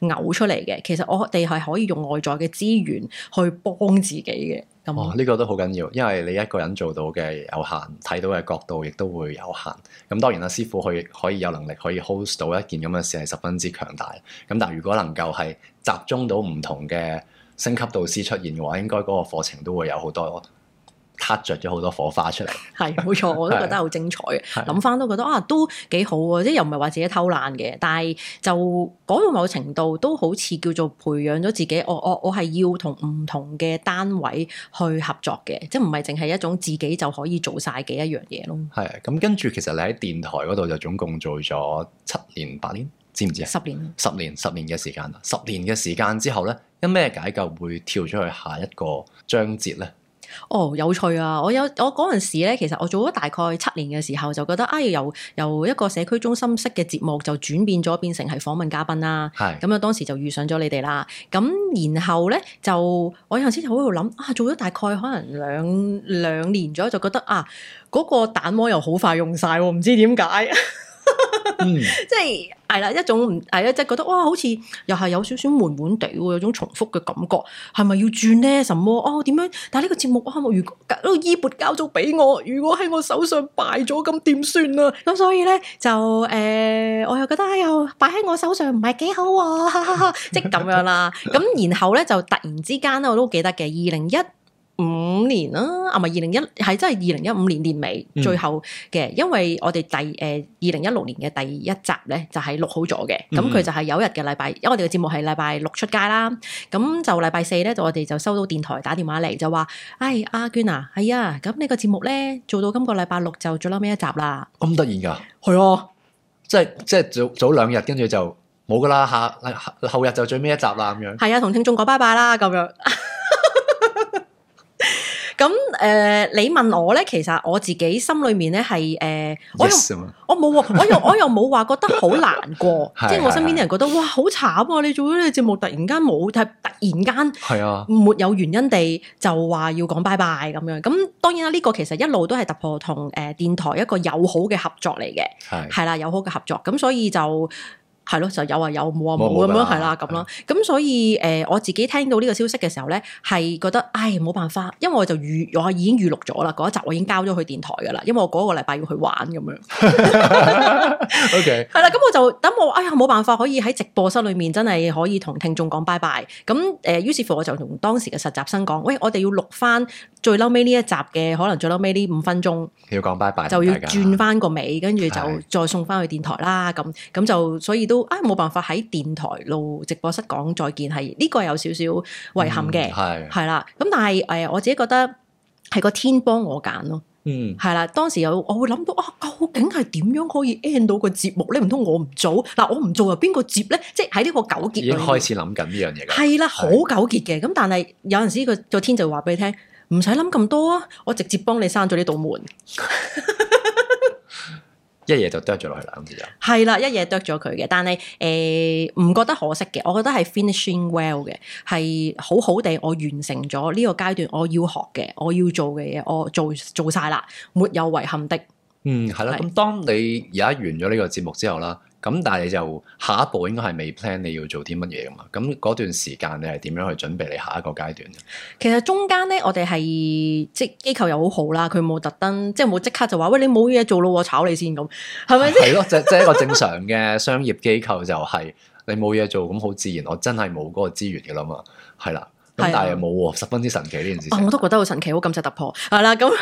B: 嘔出嚟嘅。其實我哋係可以用外在嘅資源去幫自己嘅。呢、哦，
A: 這個都好緊要，因為你一個人做到嘅有限，睇到嘅角度亦都會有限。咁、嗯、當然啦，師傅可以可以有能力可以 host 到一件咁嘅事係十分之強大。咁、嗯、但係如果能夠係集中到唔同嘅星級導師出現嘅話，應該嗰個課程都會有好多。擦着咗好多火花出嚟 ，
B: 係冇錯，我都覺得好精彩嘅。諗翻的都覺得啊，都幾好嘅，即係又唔係話自己偷懶嘅。但係就講到、那個、某程度，都好似叫做培養咗自己。我我我係要同唔同嘅單位去合作嘅，即係唔係淨係一種自己就可以做晒嘅一樣嘢咯。
A: 係咁，跟住其實你喺電台嗰度就總共做咗七年八年，知唔知啊？十年,十年，十年時間，十年嘅時間，十年嘅時間之後咧，因咩解究會跳出去下一個章節咧？
B: 哦，有趣啊！我有我嗰陣時咧，其實我做咗大概七年嘅時候，就覺得啊，由由一個社區中心式嘅節目就轉變咗，變成係訪問嘉賓啦。係咁啊，當時就遇上咗你哋啦。咁然後咧，就我有陣時就喺度諗啊，做咗大概可能兩兩年左右，就覺得啊，嗰個蛋黃又好快用晒喎，唔知點解。 即係係啦，一種唔係啦，即係覺得哇，好似又係有少少悶悶地，有種重複嘅感覺，係咪要轉呢？什麼哦？點樣？但係呢個節目，我如果嗰個衣鉢交咗俾我，如果喺我手上敗咗，咁點算啊？咁 所以咧就誒、呃，我又覺得哎又擺喺我手上唔係幾好啊，即係咁樣啦。咁 然後咧就突然之間咧，我都記得嘅二零一五年啦、啊，係咪？二零一，係真係二零一五年年尾、嗯、最後嘅，因為我哋第誒二零一六年嘅第一集咧就係、是、錄好咗嘅，咁佢、嗯、就係有一日嘅禮拜，因為我哋嘅節目係禮拜六出街啦，咁就禮拜四咧，就我哋就收到電台打電話嚟就話，哎阿絹啊，係啊，咁呢個節目咧做到今個禮拜六就最嬲尾一集啦。
A: 咁突然㗎？係啊，即係即係早早兩日，跟住就冇㗎啦，下後日就最尾一集啦咁樣。
B: 係啊，同聽眾講拜拜啦咁樣。 咁誒，你問我咧，其實我自己心裏面咧係誒，我我冇，我又 Yes 我又冇話覺得好難過，即係我身邊啲人覺得哇，好慘啊！你做咗呢個節目，突然間冇，係突然間係啊，沒有原因地就話要講拜拜咁樣。咁當然啦，呢個其實一路都係突破同誒電台一個友好嘅合作嚟嘅，係係啦，友好嘅合作。咁所以就。係咯，就有啊有，冇啊冇咁對樣係啦，咁咯。咁所以，誒、呃，我自己聽到呢個消息嘅時候咧，係覺得，唉，冇辦法，因為我就預，我已經預錄咗啦，嗰一集我已經交咗去電台噶啦。因為我嗰個禮拜要去玩咁樣。
A: O Okay . K。
B: 係啦，咁我就等我，哎呀，冇辦法，可以喺直播室裏面真係可以同聽眾講拜拜。咁，誒、呃，於是乎我就同當時嘅實習生講，喂，我哋要錄翻最嬲尾呢一集嘅，可能最嬲尾呢五分鐘，
A: 要講拜拜，就要轉
B: 翻個尾，跟住、啊、就再送翻的對去電台啦。咁，咁就所以。都啊，冇辦法喺電台路直播室講再見，係呢個有少少遺憾嘅，係係啦。咁但係誒、呃，我自己覺得係個天幫我揀咯，嗯，係啦。當時有我會諗到啊，究竟係點樣可以 end 到個節目咧？唔通我唔做嗱、啊，我唔做又邊個接咧？即係喺呢個糾結，已經開始
A: 諗緊呢樣嘢，係啦，好
B: 糾結嘅。咁的但係有陣時個個天就會話俾你聽，唔使諗咁多啊，我直接幫你閂咗呢道門。
A: 一嘢就剁咗落去啦，咁就
B: 係啦，一嘢剁咗佢嘅，但係誒唔覺得可惜嘅，我覺得係 finishing well 嘅，係好好地我完成咗呢個階段我要學嘅，我要做嘅嘢，我做做晒啦，沒有遺憾的。
A: 嗯，係啦，咁的當你而家完咗呢個節目之後啦。咁但係你就下一步應該係未 plan 你要做啲乜嘢噶嘛？咁嗰段時間你係點樣去準備你下一個階段？
B: 其實中間呢，我哋係即機構又好好啦，佢冇特登，即係冇即刻就話喂你冇嘢做咯，我炒你先咁，係咪先？係咯
A: 即即一個正常嘅商業機構就係、是、你冇嘢做，咁好自然，我真係冇嗰個資源噶啦嘛，係啦。咁但係又冇，的十分之神奇呢件事我。
B: 我都覺得好神奇，好感謝突破。係啦，咁。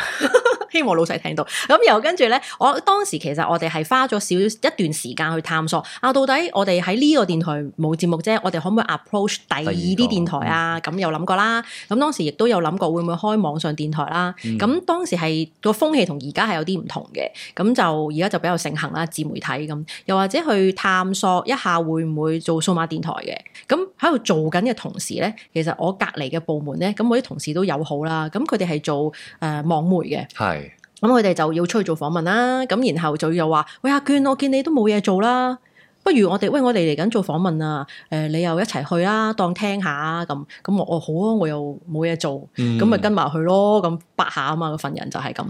B: 希望老細聽到咁，又跟住咧，我當時其實我哋係花咗少少一段時間去探索啊，到底我哋喺呢個電台冇節目啫，我哋可唔可以 approach 第二啲電台啊？咁、嗯、有諗過啦。咁當時亦都有諗過會唔會開網上電台啦。咁、嗯、當時係個風氣同而家係有啲唔同嘅，咁就而家就比較盛行啦，自媒體咁，又或者去探索一下會唔會做數碼電台嘅。咁喺度做緊嘅同時咧，其實我隔離嘅部門咧，咁我啲同事都友好啦。咁佢哋係做誒、呃、網媒嘅，係。咁佢哋就要出去做訪問啦，咁然後就又話：喂阿娟，我見你都冇嘢做啦，不如我哋，喂我哋嚟緊做訪問啊，誒、呃、你又一齊去啦，當聽下咁，咁我哦好啊，我又冇嘢做，咁咪跟埋去咯，咁八下啊嘛，份人就係咁，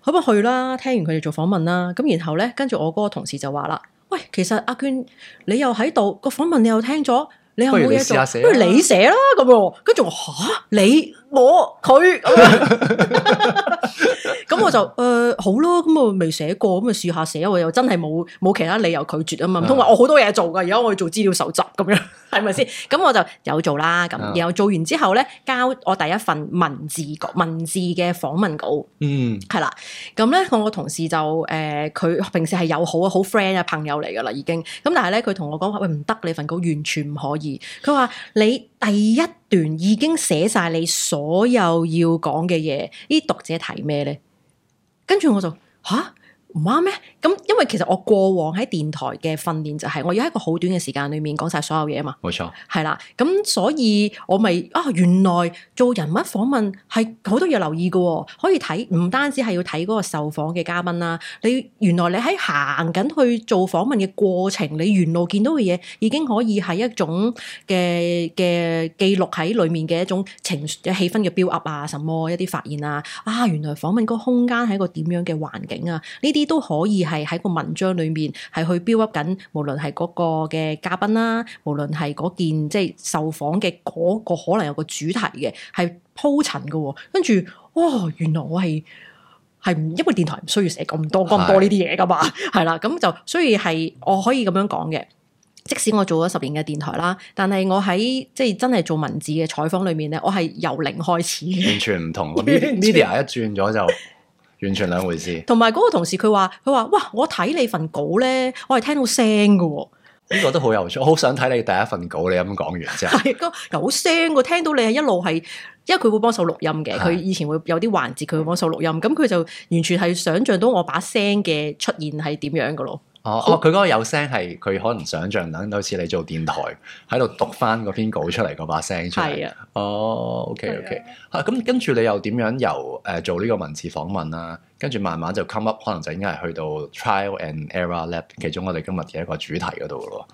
B: 好可唔可以去啦，聽完佢哋做訪問啦，咁然後咧，跟住我嗰個同事就話啦：喂，其實阿娟你又喺度個訪問你又聽咗，你又冇嘢做，不如你寫啦，咁，跟住我吓你。我佢咁 我就誒、呃、好咯，咁我未寫過，咁咪試下寫，我又真係冇冇其他理由拒絕啊嘛，唔通話，我好多嘢做噶，而家我要做資料搜集咁樣，係咪先？咁 我就有做啦，咁然後做完之後咧，交我第一份文字文字嘅訪問稿，嗯，係啦，咁咧我個同事就誒佢、呃、平時係友好啊，好 friend 嘅朋友嚟噶啦，已經咁，但係咧佢同我講話，喂，唔得，你份稿完全唔可以，佢話你。第一段已經寫曬你所有要講嘅嘢，啲讀者睇咩呢？跟住我就吓。唔啱咩？咁因為其實我過往喺電台嘅訓練就係，我要喺一個好短嘅時間裏面講晒所有嘢啊嘛沒錯。冇錯，係啦。咁所以我咪啊、哦，原來做人物訪問係好多嘢留意嘅、哦，可以睇唔單止係要睇嗰個受訪嘅嘉賓啦、啊。你原來你喺行緊去做訪問嘅過程，你沿路見到嘅嘢已經可以係一種嘅嘅記錄喺裡面嘅一種情緒氣氛嘅 build up 啊，什麼一啲發現啊，啊原來訪問個空間係一個點樣嘅環境啊，呢啲。啲都可以係喺個文章裏面係去 build up 緊，無論係嗰個嘅嘉賓啦，無論係嗰件即係受訪嘅嗰個可能有個主題嘅，係鋪陳嘅。跟住，哦，原來我係係，唔因為電台唔需要寫咁多咁的多呢啲嘢噶嘛。係啦，咁就所以係我可以咁樣講嘅。即使我做咗十年嘅電台啦，但係我喺即係真係做文字嘅採訪裏面咧，我係由零開始。完
A: 全唔同，media 一轉咗就。完全兩回事。
B: 同埋嗰個同事佢話：佢話哇，我睇你份稿咧，我係聽到聲噶、
A: 哦。呢個都好有趣，我好想睇你第一份稿。你啱講完之後，係個
B: 有聲個，聽到你係一路係，因為佢會幫手錄音嘅，佢的以前會有啲環節，佢會幫手錄音，咁佢，嗯、就完全係想象到我把聲嘅出現係點樣噶咯。
A: 哦，佢、哦、嗰個有聲係佢可能想像，等好似你做電台喺度讀返嗰篇稿出嚟嗰把聲出嚟。係啊，哦，OK OK，吓咁、啊啊、跟住你又點樣由誒、呃、做呢個文字訪問啦、啊？跟住慢慢就 come up，可能就應該係去到 Trial and Error Lab，其中我哋今日嘅一個主題嗰度咯。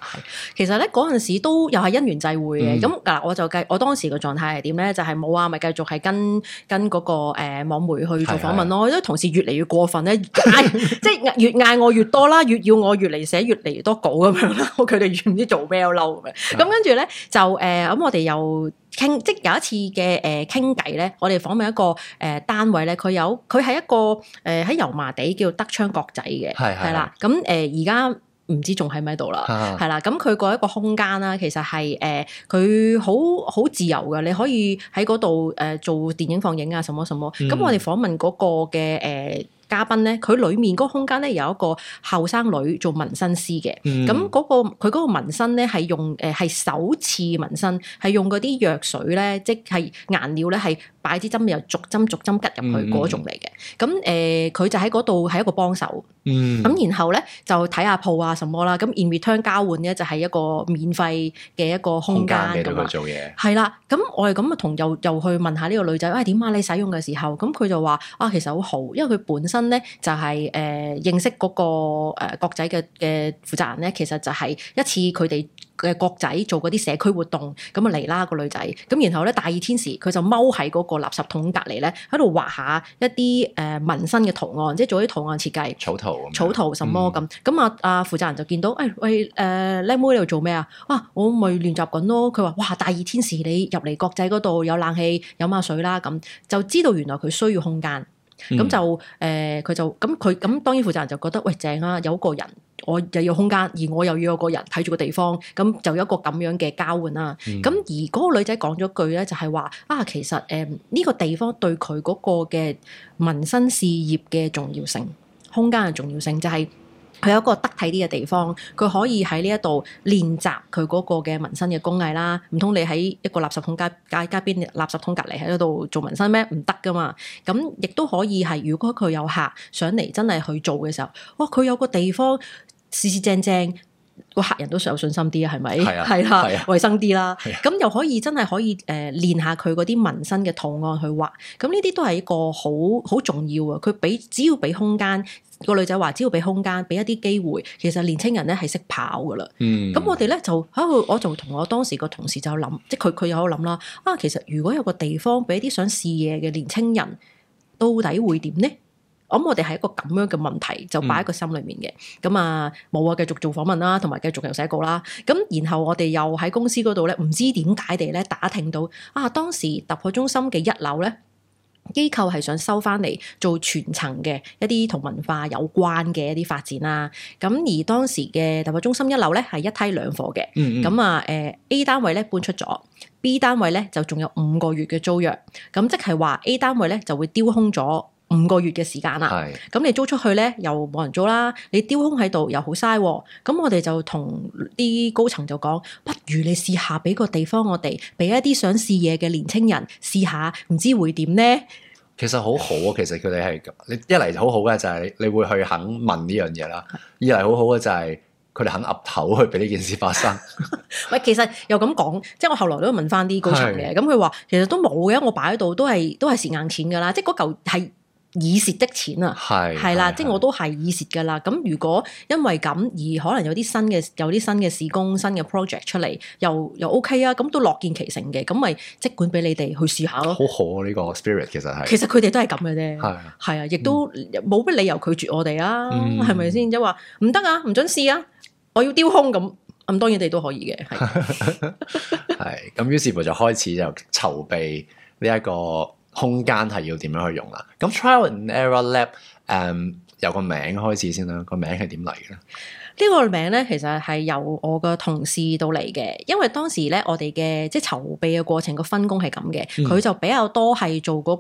B: 其實咧嗰陣時都又係因緣際會嘅，咁嗱、嗯、我就計我當時嘅狀態係點咧？就係冇啊，咪繼續係跟跟嗰個誒網媒去做訪問咯。是是因為同事越嚟越過分咧，嗌即係 越嗌我越多啦，越要我越嚟寫越嚟越多稿咁樣啦，佢哋越唔知做咩嬲咁樣。咁跟住咧就誒，咁、呃、我哋又。傾即有一次嘅誒傾偈咧，我哋訪問一個誒單位咧，佢有佢係一個誒喺、呃、油麻地叫德昌國際嘅，係啦。咁誒而家唔知仲喺唔喺度啦，係啦。咁佢個一個空間啦，其實係誒佢好好自由嘅，你可以喺嗰度誒做電影放映啊，什麼什麼。咁、嗯、我哋訪問嗰個嘅誒。呃嘉賓咧，佢裡面嗰個空間咧，有一個後生女做紋身師嘅。咁嗰個佢嗰個紋身咧係用誒係首次紋身，係用嗰啲藥水咧，即係顏料咧係。擺支針又逐針逐針拮入去嗰、嗯嗯、種嚟嘅，咁誒佢就喺嗰度係一個幫手，咁、嗯嗯、然後咧就睇下鋪啊什麼啦，咁 interaction 交換咧就係一個免費嘅一個空間咁做嘢係啦，咁樣、嗯、我哋咁啊同又又去問下呢個女仔，喂點解你使用嘅時候，咁、嗯、佢就話啊其實好好，因為佢本身咧就係、是、誒、呃、認識嗰、那個誒、呃、國仔嘅嘅負責人咧，其實就係一次佢哋嘅國仔做嗰啲社區活動咁啊嚟啦、那個女仔，咁然後咧大，大熱天時佢就踎喺嗰個。個垃圾桶隔籬咧喺度畫下一啲誒紋身嘅圖案，即係做啲圖案設計，草圖，草圖什麼咁。咁、嗯、啊，阿負責人就見到，誒、哎、喂，誒、呃，靚妹你喺度做咩啊？哇，我咪練習緊咯。佢話，哇，大熱天時你入嚟國際嗰度有冷氣，飲下水啦咁，就知道原來佢需要空間。咁就誒，佢、呃、就咁佢咁，當然負責人就覺得喂，正啊，有個人我又要空間，而我又有個人睇住個地方，咁就有一個咁樣嘅交換啦、啊。咁、嗯、而嗰個女仔講咗句咧，就係話啊，其實誒呢、呃呢個地方對佢嗰個嘅民生事業嘅重要性、空間嘅重要性就係、是。佢有一個得體啲嘅地方，佢可以喺呢一度練習佢嗰個嘅紋身嘅工藝啦。唔通你喺一個垃圾桶街街街邊垃圾桶隔籬喺度做紋身咩？唔得㗎嘛。咁亦都可以係，如果佢有客上嚟真係去做嘅時候，哇！佢有個地方，四四正正，個客人都有信心啲啊，係咪？係啊，係啦，係啊，衞生啲啦。咁又可以真係可以誒練下佢嗰啲紋身嘅圖案去畫。咁呢啲都係一個好好重要啊。佢俾，只要俾空間。個女仔話：只要俾空間，俾一啲機會，其實年青人咧係識跑噶啦。咁、嗯、我哋咧就，我仲同我當時個同事就諗，即係佢佢又諗啦。啊，其實如果有個地方俾一啲想試嘢嘅年青人，到底會點咧？咁我哋係一個咁樣嘅問題，就擺喺個心裏面嘅。咁、嗯、啊，冇啊，繼續做訪問啦，同埋繼續寫稿啦。咁然後我哋又喺公司嗰度咧，唔知點解地咧打聽到啊，當時突破中心嘅一樓咧。機構係想收翻嚟做全層嘅一啲同文化有關嘅一啲發展啦，咁而當時嘅大華中心一樓咧係一梯兩伙嘅，咁啊誒 A 單位咧搬出咗，B 單位咧就仲有五個月嘅租約，咁即係話 A 單位咧就會丟空咗。五個月嘅時間啦，咁是的、嗯、你租出去咧又冇人租啦，你丟空喺度又好嘥、啊，咁、嗯、我哋就同啲高層就講，不如你試下俾個地方我哋，俾一啲想試嘢嘅年青人試下，唔知會點咧？
A: 其實好好啊，其實佢哋係咁你一嚟好好嘅就係你會去肯問呢樣嘢啦，二嚟好好嘅就係佢哋肯岌頭去俾呢件事發生。 喂
B: 是的、嗯，其實又咁講，即係我後來都問翻啲高層嘅，咁佢話其實都冇嘅，我擺喺度都係都係蝕硬錢噶啦，即係嗰嚿係。以蝕的錢啊，係係啦，即係我都係以蝕㗎啦。咁如果因為咁而可能有啲新嘅有啲新嘅事工新嘅 project 出嚟，又又 OK 啊，咁都樂見其成嘅，咁咪即管俾你哋去試下咯。好好啊，呢個 spirit 其實係其實佢哋都係咁嘅啫，係啊，係啊，亦都冇乜理由拒絕我哋啊，係咪先？即係話唔得啊，唔准試啊，我要丟空咁、啊，咁、嗯、當然你都可以嘅，
A: 係係咁，於是乎就開始就籌備呢一個。空間係要點樣去用啦？咁 Trial and Error Lab，誒、um，由個名開始先啦。名，個名係點嚟嘅
B: 咧？呢個名咧，其實係由我嘅同事到嚟嘅。因為當時咧，我哋嘅即係籌備嘅過程，個分工係咁嘅。佢、嗯、就比較多係做嗰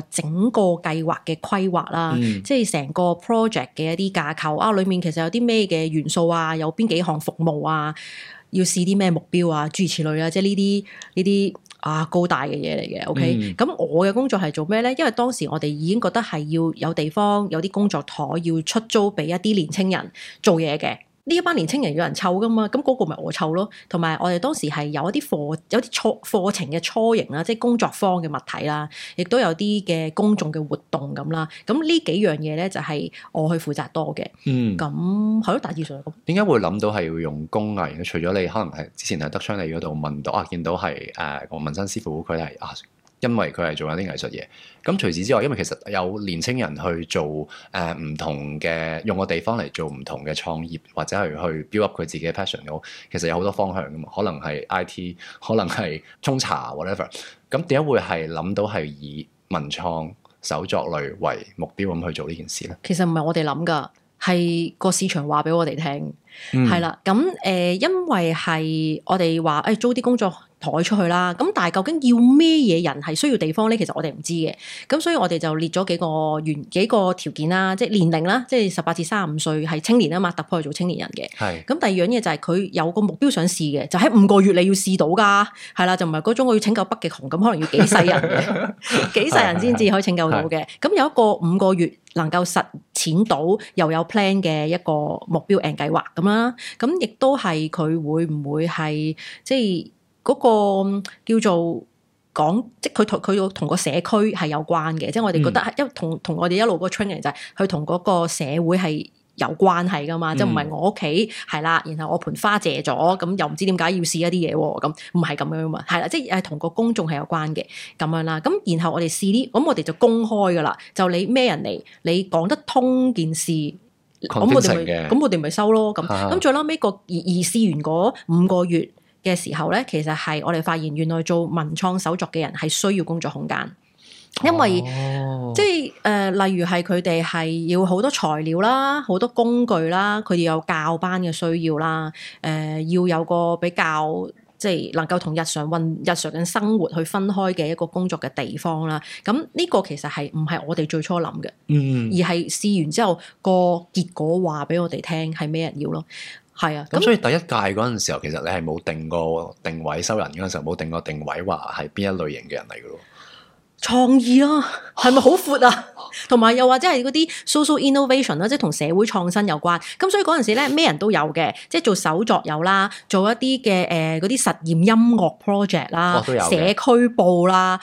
B: 個整個計劃嘅規劃啦，嗯、即係成個 project 嘅一啲架構啊。裡面其實有啲咩嘅元素啊？有邊幾項服務啊？要試啲咩目標啊？諸如此類啊。即係呢啲呢啲。啊，高大嘅嘢嚟嘅，OK。咁、嗯、我嘅工作係做咩咧？因為當時我哋已經覺得係要有地方，有啲工作台要出租俾一啲年青人做嘢嘅。呢一班年青人有人湊㗎嘛，咁、那、嗰個咪我湊咯。同埋我哋當時係有一啲課，有啲初課程嘅初型啦，即係工作坊嘅物體啦，亦都有啲嘅公眾嘅活動咁啦。咁、那、呢、個、幾樣嘢咧就係我去負責多嘅。嗯，咁係咯，大致上。
A: 點解會諗到係要用工藝？除咗你可能係之前喺德昌利嗰度問到啊，見到係誒個紋身師傅佢係啊。因為佢係做緊啲藝術嘢，咁除此之外，因為其實有年青人去做誒唔、呃、同嘅用個地方嚟做唔同嘅創業，或者係去 build up 佢自己嘅 passion 嘅，其實有好多方向噶嘛，可能係 IT，可能係沖茶 whatever。咁點解會係諗到係以文創手作類為目標咁去做呢件事咧？
B: 其實唔係我哋諗噶，係個市場話俾我哋聽，係啦、嗯。咁誒、呃，因為係我哋話誒租啲工作。抬出去啦，咁但係究竟要咩嘢人係需要地方咧？其實我哋唔知嘅，咁所以我哋就列咗幾個原幾個條件啦，即係年齡啦，即係十八至三十五歲係青年啊嘛，突破去做青年人嘅。係是。咁第二樣嘢就係佢有個目標想試嘅，就喺、是、五個月你要試到㗎，係啦，就唔係嗰種我要拯救北極熊咁，可能要幾世人嘅， 幾世人先至可以拯救到嘅。咁 的有一個五個月能夠實踐到又有 plan 嘅一個目標 and 計劃咁啦，咁亦都係佢會唔會係即係？即嗰個叫做講，即係佢同佢要同個社區係有關嘅，嗯、即係我哋覺得因為同同我哋一路個 training 就係、係、佢同嗰個社會係有關係噶嘛，嗯、即係唔係我屋企係啦，然後我盆花謝咗，咁又唔知點解要試一啲嘢喎，咁唔係咁樣嘛，係啦，即係誒同個公眾係有關嘅咁樣啦。咁然後我哋試啲，咁我哋就公開噶啦，就你咩人嚟，你講得通件事，
A: 咁、嗯、我哋咪，咁、嗯、我哋
B: 咪收咯。咁咁最後屘個二二試完嗰五個月。嘅時候咧，其實係我哋發現，原來做文創手作嘅人係需要工作空間，因為、哦、即係誒、呃，例如係佢哋係要好多材料啦，好多工具啦，佢哋有教班嘅需要啦，誒、呃，要有個比較即係能夠同日常運日常嘅生活去分開嘅一個工作嘅地方啦。咁呢個其實係唔係我哋最初諗嘅，嗯，而係試完之後個結果話俾我哋聽係咩人要咯。係啊，咁所以
A: 第一屆嗰陣時候，其實你係冇定過定位收人嗰陣時候，冇定過定位話係邊一類型嘅人嚟嘅咯。
B: 創意啦、啊，係咪好闊啊？同埋又或者係嗰啲 social innovation 啦，即係同社會創新有關。咁所以嗰陣時咧，咩人都有嘅，即係做手作有啦，做一啲嘅誒嗰啲實驗音樂 project 啦，哦、都有社區報啦，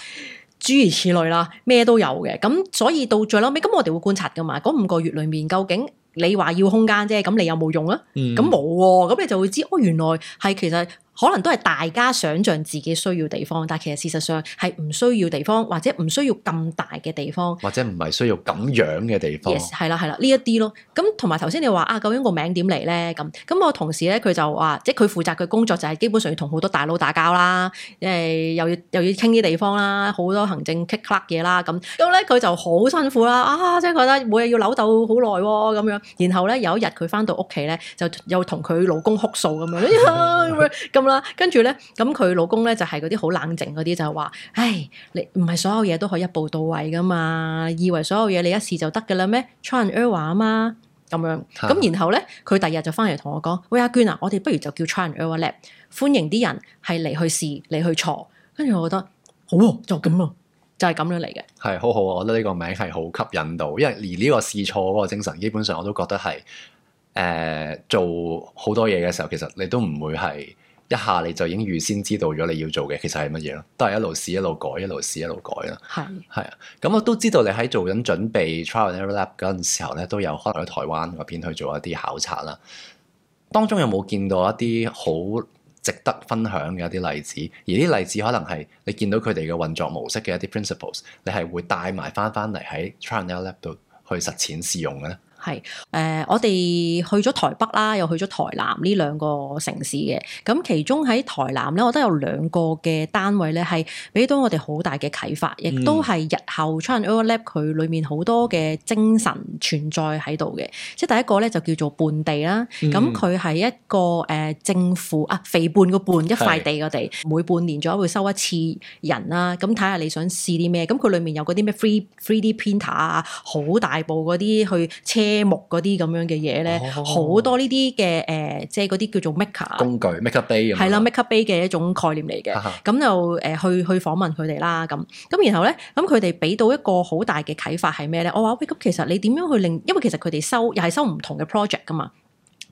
B: 諸如此類啦，咩都有嘅。咁所以到最後尾，咁我哋會觀察噶嘛，嗰五個月裡面究竟，你話要空間啫，咁你有冇用啊？咁冇喎，咁你就會知哦，原來，係其實。可能都係大家想象自己需要地方，但係其實事實上係唔需要地方，或者唔需要咁大嘅地方，
A: 或者唔係需要咁樣嘅地方。
B: 係啦係啦，呢一啲咯。咁同埋頭先你話啊，究竟個名點嚟咧？咁咁我同事咧佢就話、啊，即係佢負責嘅工作就係基本上要同好多大佬打交啦，誒、呃、又要又要傾啲地方啦，好多行政棘 i 嘢啦咁。咁咧佢就好辛苦啦，啊即係覺得每日要扭到好耐喎咁樣。然後咧有一日佢返到屋企咧，就又同佢老公哭訴咁樣咁。 啦，跟住咧，咁佢老公咧就係嗰啲好冷靜嗰啲，就係話，唉，你唔係所有嘢都可以一步到位噶嘛，以為所有嘢你一試就得噶啦咩？Trial and error 嘛，咁樣咁。是的 然後咧，佢第二日就翻嚟同我講，喂阿娟啊，我哋不如就叫 Trial and Error Lab，歡迎啲人係嚟去試嚟去錯。跟住我覺得好，就咁啊，就係咁樣嚟、啊、嘅。
A: 係、就是、好好啊，我覺得呢個名係好吸引到，因為而呢個試錯嗰個精神，基本上我都覺得係誒、呃、做好多嘢嘅時候，其實你都唔會係。一下你就已經預先知道咗你要做嘅其實係乜嘢咯，都係一路試一路改，一路試一路改啦。係的，係啊。咁、嗯、我都知道你喺做緊準備 Trial and Error Lab 嗰陣時候咧，都有可能喺台灣嗰邊去做一啲考察啦。當中有冇見到一啲好值得分享嘅一啲例子？而啲例子可能係你見到佢哋嘅運作模式嘅一啲 principles，你係會帶埋翻翻嚟喺 Trial and Error Lab 度去實踐試用嘅咧？
B: 係誒、呃，我哋去咗台北啦、啊，又去咗台、台南呢兩個城市嘅。咁其中喺台南咧，我都有兩個嘅單位咧，係俾到我哋好大嘅啟發，亦都係日後 Trial and Error Lab 佢裏面好多嘅精神存在喺度嘅。即係第一個咧就叫做半地啦、啊，咁佢係一個誒、呃、政府啊肥半個半一塊地嘅地，是每半年左右會收一次人啦、啊，咁睇下你想試啲咩。咁佢裡面有嗰啲咩3、3D Printer 啊，好大部嗰啲去車。木啲咁樣嘅嘢咧，好、oh，多呢啲嘅誒，即係嗰啲叫做 maker 工具
A: ，maker bay 咁係啦
B: ，maker bay 嘅一種概念嚟嘅，咁、uh huh. 就誒、呃、去去訪問佢哋啦，咁咁然後咧，咁佢哋俾到一個好大嘅啟發係咩咧？我話喂，咁其實你點樣去令，因為其實佢哋收又係收唔同嘅 project 噶嘛。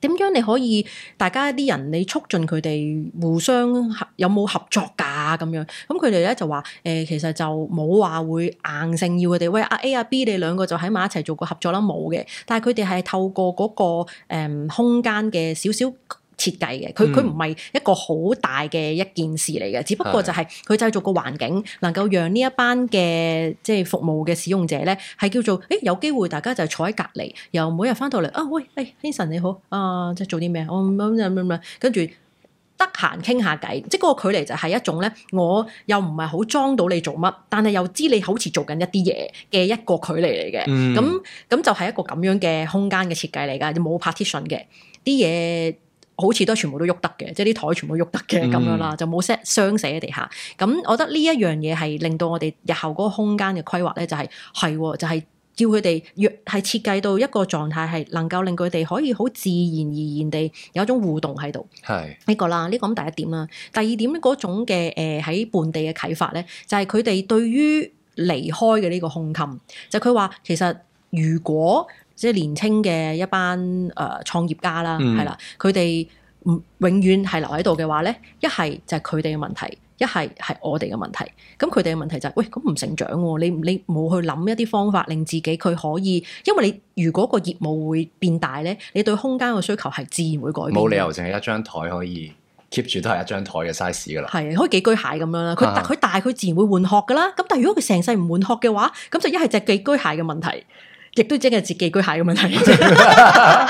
B: 點樣你可以大家啲人你促進佢哋互相合有冇合作㗎咁樣？咁佢哋咧就話誒、呃，其實就冇話會硬性要佢哋，喂阿 A 阿 B 你兩個就喺埋一齊做個合作啦，冇嘅。但係佢哋係透過嗰、嗰個、嗯、空間嘅少少。設計嘅佢佢唔係一個好大嘅一件事嚟嘅，嗯、只不過就係佢製造個環境，能夠讓呢一班嘅即係服務嘅使用者咧，係叫做誒、欸、有機會大家就坐喺隔離，又每日翻到嚟啊，喂，哎 Vincent 你好啊，即係做啲咩？我唔諗跟住得閒傾下偈，即係嗰個距離就係一種咧，我又唔係好裝到你做乜，但係又知你好似做緊一啲嘢嘅一個距離嚟嘅。咁咁就係一個咁樣嘅空間嘅設計嚟㗎，你冇 partition 嘅啲嘢。好似都全部都喐得嘅，即係啲台全部喐得嘅咁樣啦，就冇 set 雙寫喺地下。咁我覺得呢一樣嘢係令到我哋日後嗰個空間嘅規劃咧，就係、係就係叫佢哋若係設計到一個狀態，係能夠令佢哋可以好自然而然地有一種互動喺度。係是的 呢個啦，呢個咁第一點啦。第二點咧，嗰種嘅誒喺本地嘅啟發咧，就係佢哋對於離開嘅呢個空琴，就佢話其實如果。即係年青嘅一班誒、呃、創業家啦，係、嗯、啦，佢哋唔永遠係留喺度嘅話咧，一係就係佢哋嘅問題，一係係我哋嘅問題。咁佢哋嘅問題就係、是、喂，咁唔成長喎、啊，你你冇去諗一啲方法令自己佢可以，因為你如果個業務會變大咧，你對空間嘅需求係自然會改變。冇理由
A: 淨係一張台可以 keep 住都係一張台嘅 size 㗎啦。
B: 係、啊、可以寄居蟹咁樣啦，佢大佢大，佢自然會換殼㗎啦。咁但係如果佢成世唔換殼嘅話，咁就一係就寄居蟹嘅問題。亦都即係寄居蟹嘅問題 那。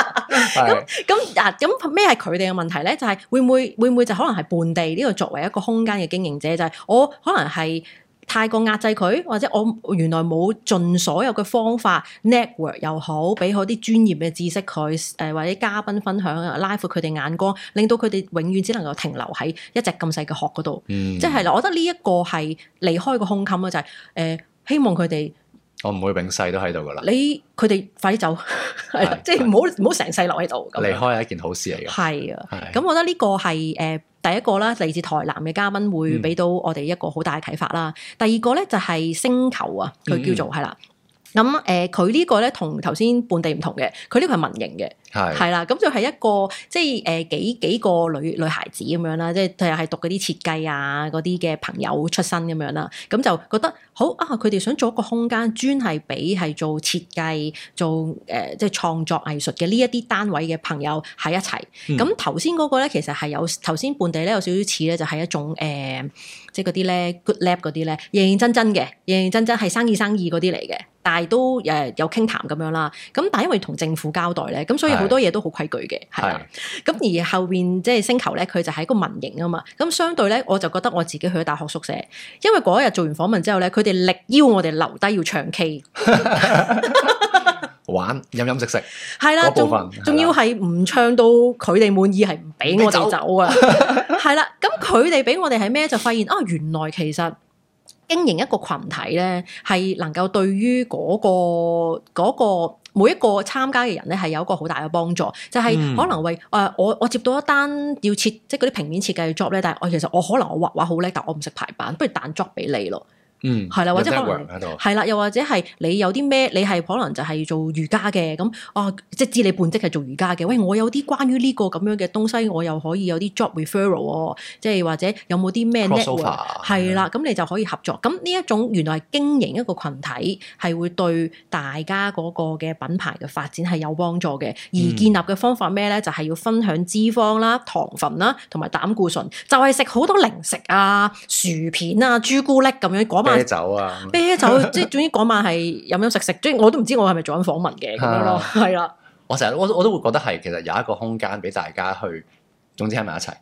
B: 咁咁嗱，咁咩係佢哋嘅問題咧？就係、是、會唔會會唔會就可能係半地呢、這個作為一個空間嘅經營者，就係、是、我可能係太過壓制佢，或者我原來冇盡所有嘅方法，network 又好，俾嗰啲專業嘅知識佢，誒、呃、或者嘉賓分享啊，拉闊佢哋眼光，令到佢哋永遠只能夠停留喺一隻咁細嘅殼嗰度。即係嗱，我覺得呢一個係離開個胸襟啦，就係、是、誒、呃、希望佢哋。
A: 我唔會永世都喺度噶啦，你
B: 佢哋快啲走，係、 啊、是即係唔好唔好成世留喺度。離
A: 開係一件好事嚟嘅，
B: 係啊，咁是我覺得呢個係誒、呃、第一個啦，嚟自台南嘅嘉賓會俾到我哋一個好大嘅啟發啦。嗯、第二個咧就係星球、嗯、啊，佢叫做係啦，咁誒佢呢個咧同頭先本地唔同嘅，佢呢個係民營嘅。係係啦，咁就係一個即係誒幾幾個女女孩子咁樣啦，即係佢又係讀嗰啲設計啊嗰啲嘅朋友出身咁樣啦，咁就覺得好啊！佢哋想做一個空間，專係俾係做設計、做誒、呃、即係創作藝術嘅呢一啲單位嘅朋友喺一齊。咁頭先嗰個咧，其實係有頭先半地咧有少少似咧，就係、是、一種誒、呃，即係嗰啲咧 Good Lab 嗰啲咧認認真真嘅，認認真真係生意生意嗰啲嚟嘅，但係都誒有傾談咁樣啦。咁但係因為同政府交代咧，咁所以。好多嘢都好規矩嘅，係啦。咁的而後邊即係星球咧，佢就係一個民營啊嘛。咁相對咧，我就覺得我自己去咗大學宿舍，因為嗰日做完訪問之後咧，佢哋力邀我哋留低要唱 K、
A: 玩、飲飲食食，係啦的。仲
B: 仲還的要係唔唱到佢哋滿意係唔俾我就走啊。係啦你走，咁佢哋俾我哋係咩？就發現哦，原來其實經營一個群體咧，係能夠對於嗰個個。嗰個嗰個每一個參加嘅人咧，係有一個好大嘅幫助，就係、是、可能為誒、嗯呃、我我接到一單要設即係嗰啲平面設計嘅 job 咧，但係我其實我可能我畫畫好叻，但我唔識排版，不如彈 job 俾你咯。嗯，係啦，或者可能係啦，又或者係，你有啲咩？你係可能就係做瑜伽嘅咁，哦，即知你半職係做瑜伽嘅。喂，我有啲關於呢個咁樣嘅東西，我又可以有啲 job referral 喎、哦，即係或者有冇啲咩 network？係啦，咁你，mm. 你就可以合作。咁呢一種原來係經營一個群體，係會對大家嗰個嘅品牌嘅發展係有幫助嘅。而建立嘅方法咩咧？就係、是、要分享脂肪啦、糖分啦同埋膽固醇，就係食好多零食啊、薯片、e、啊、朱古力咁樣講啤酒啊，啤酒 即係總之嗰晚係飲飲食食， 即係我都唔知我係咪做緊訪問嘅咁 咯，係啦 。
A: 我成日我我都會覺得係，其實有一個空間俾大家去，總之喺埋一齊，誒、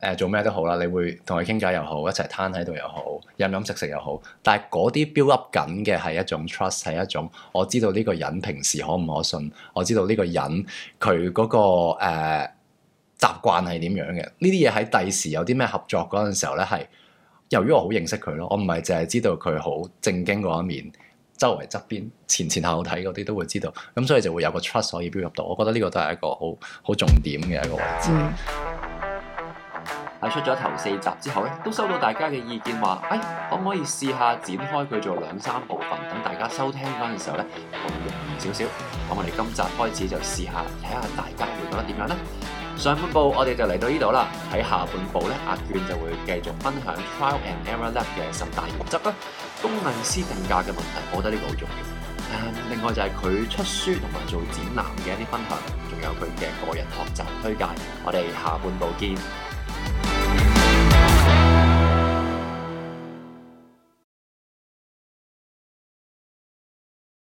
A: 呃、做咩都好啦，你會同佢傾偈又好，一齊攤喺度又好，飲飲食食又好。但係嗰啲 build up 緊嘅係一種 trust，係一種我知道呢個人平時可唔可信，我知道呢個人佢嗰、嗰個誒習慣係點樣嘅。呢啲嘢喺第時有啲咩合作嗰陣時候咧，係。由於我好認識佢咯，我唔係淨係知道佢好正經嗰一面，周圍側邊前前後後睇嗰啲都會知道，咁所以就會有個 trust 可以標入到。我覺得呢個都係一個好好重點嘅一個位置。係、嗯、出咗頭四集之後咧，都收到大家嘅意見話，哎，可唔可以試下展開佢做兩三部分，等大家收聽嗰陣時候咧，我會容易少少。咁我哋今集開始就試下睇下大家會覺得點樣咧？上半部我哋就嚟到呢度啦，喺下半部咧，阿娟就會繼續分享 Trial and Error Lab 嘅十大原則啦，工藝師定價嘅問題，我覺得呢個好重要。誒，另外就係佢出書同埋做展覽嘅一啲分享，仲有佢嘅個人學習
B: 推介，我哋下半部見。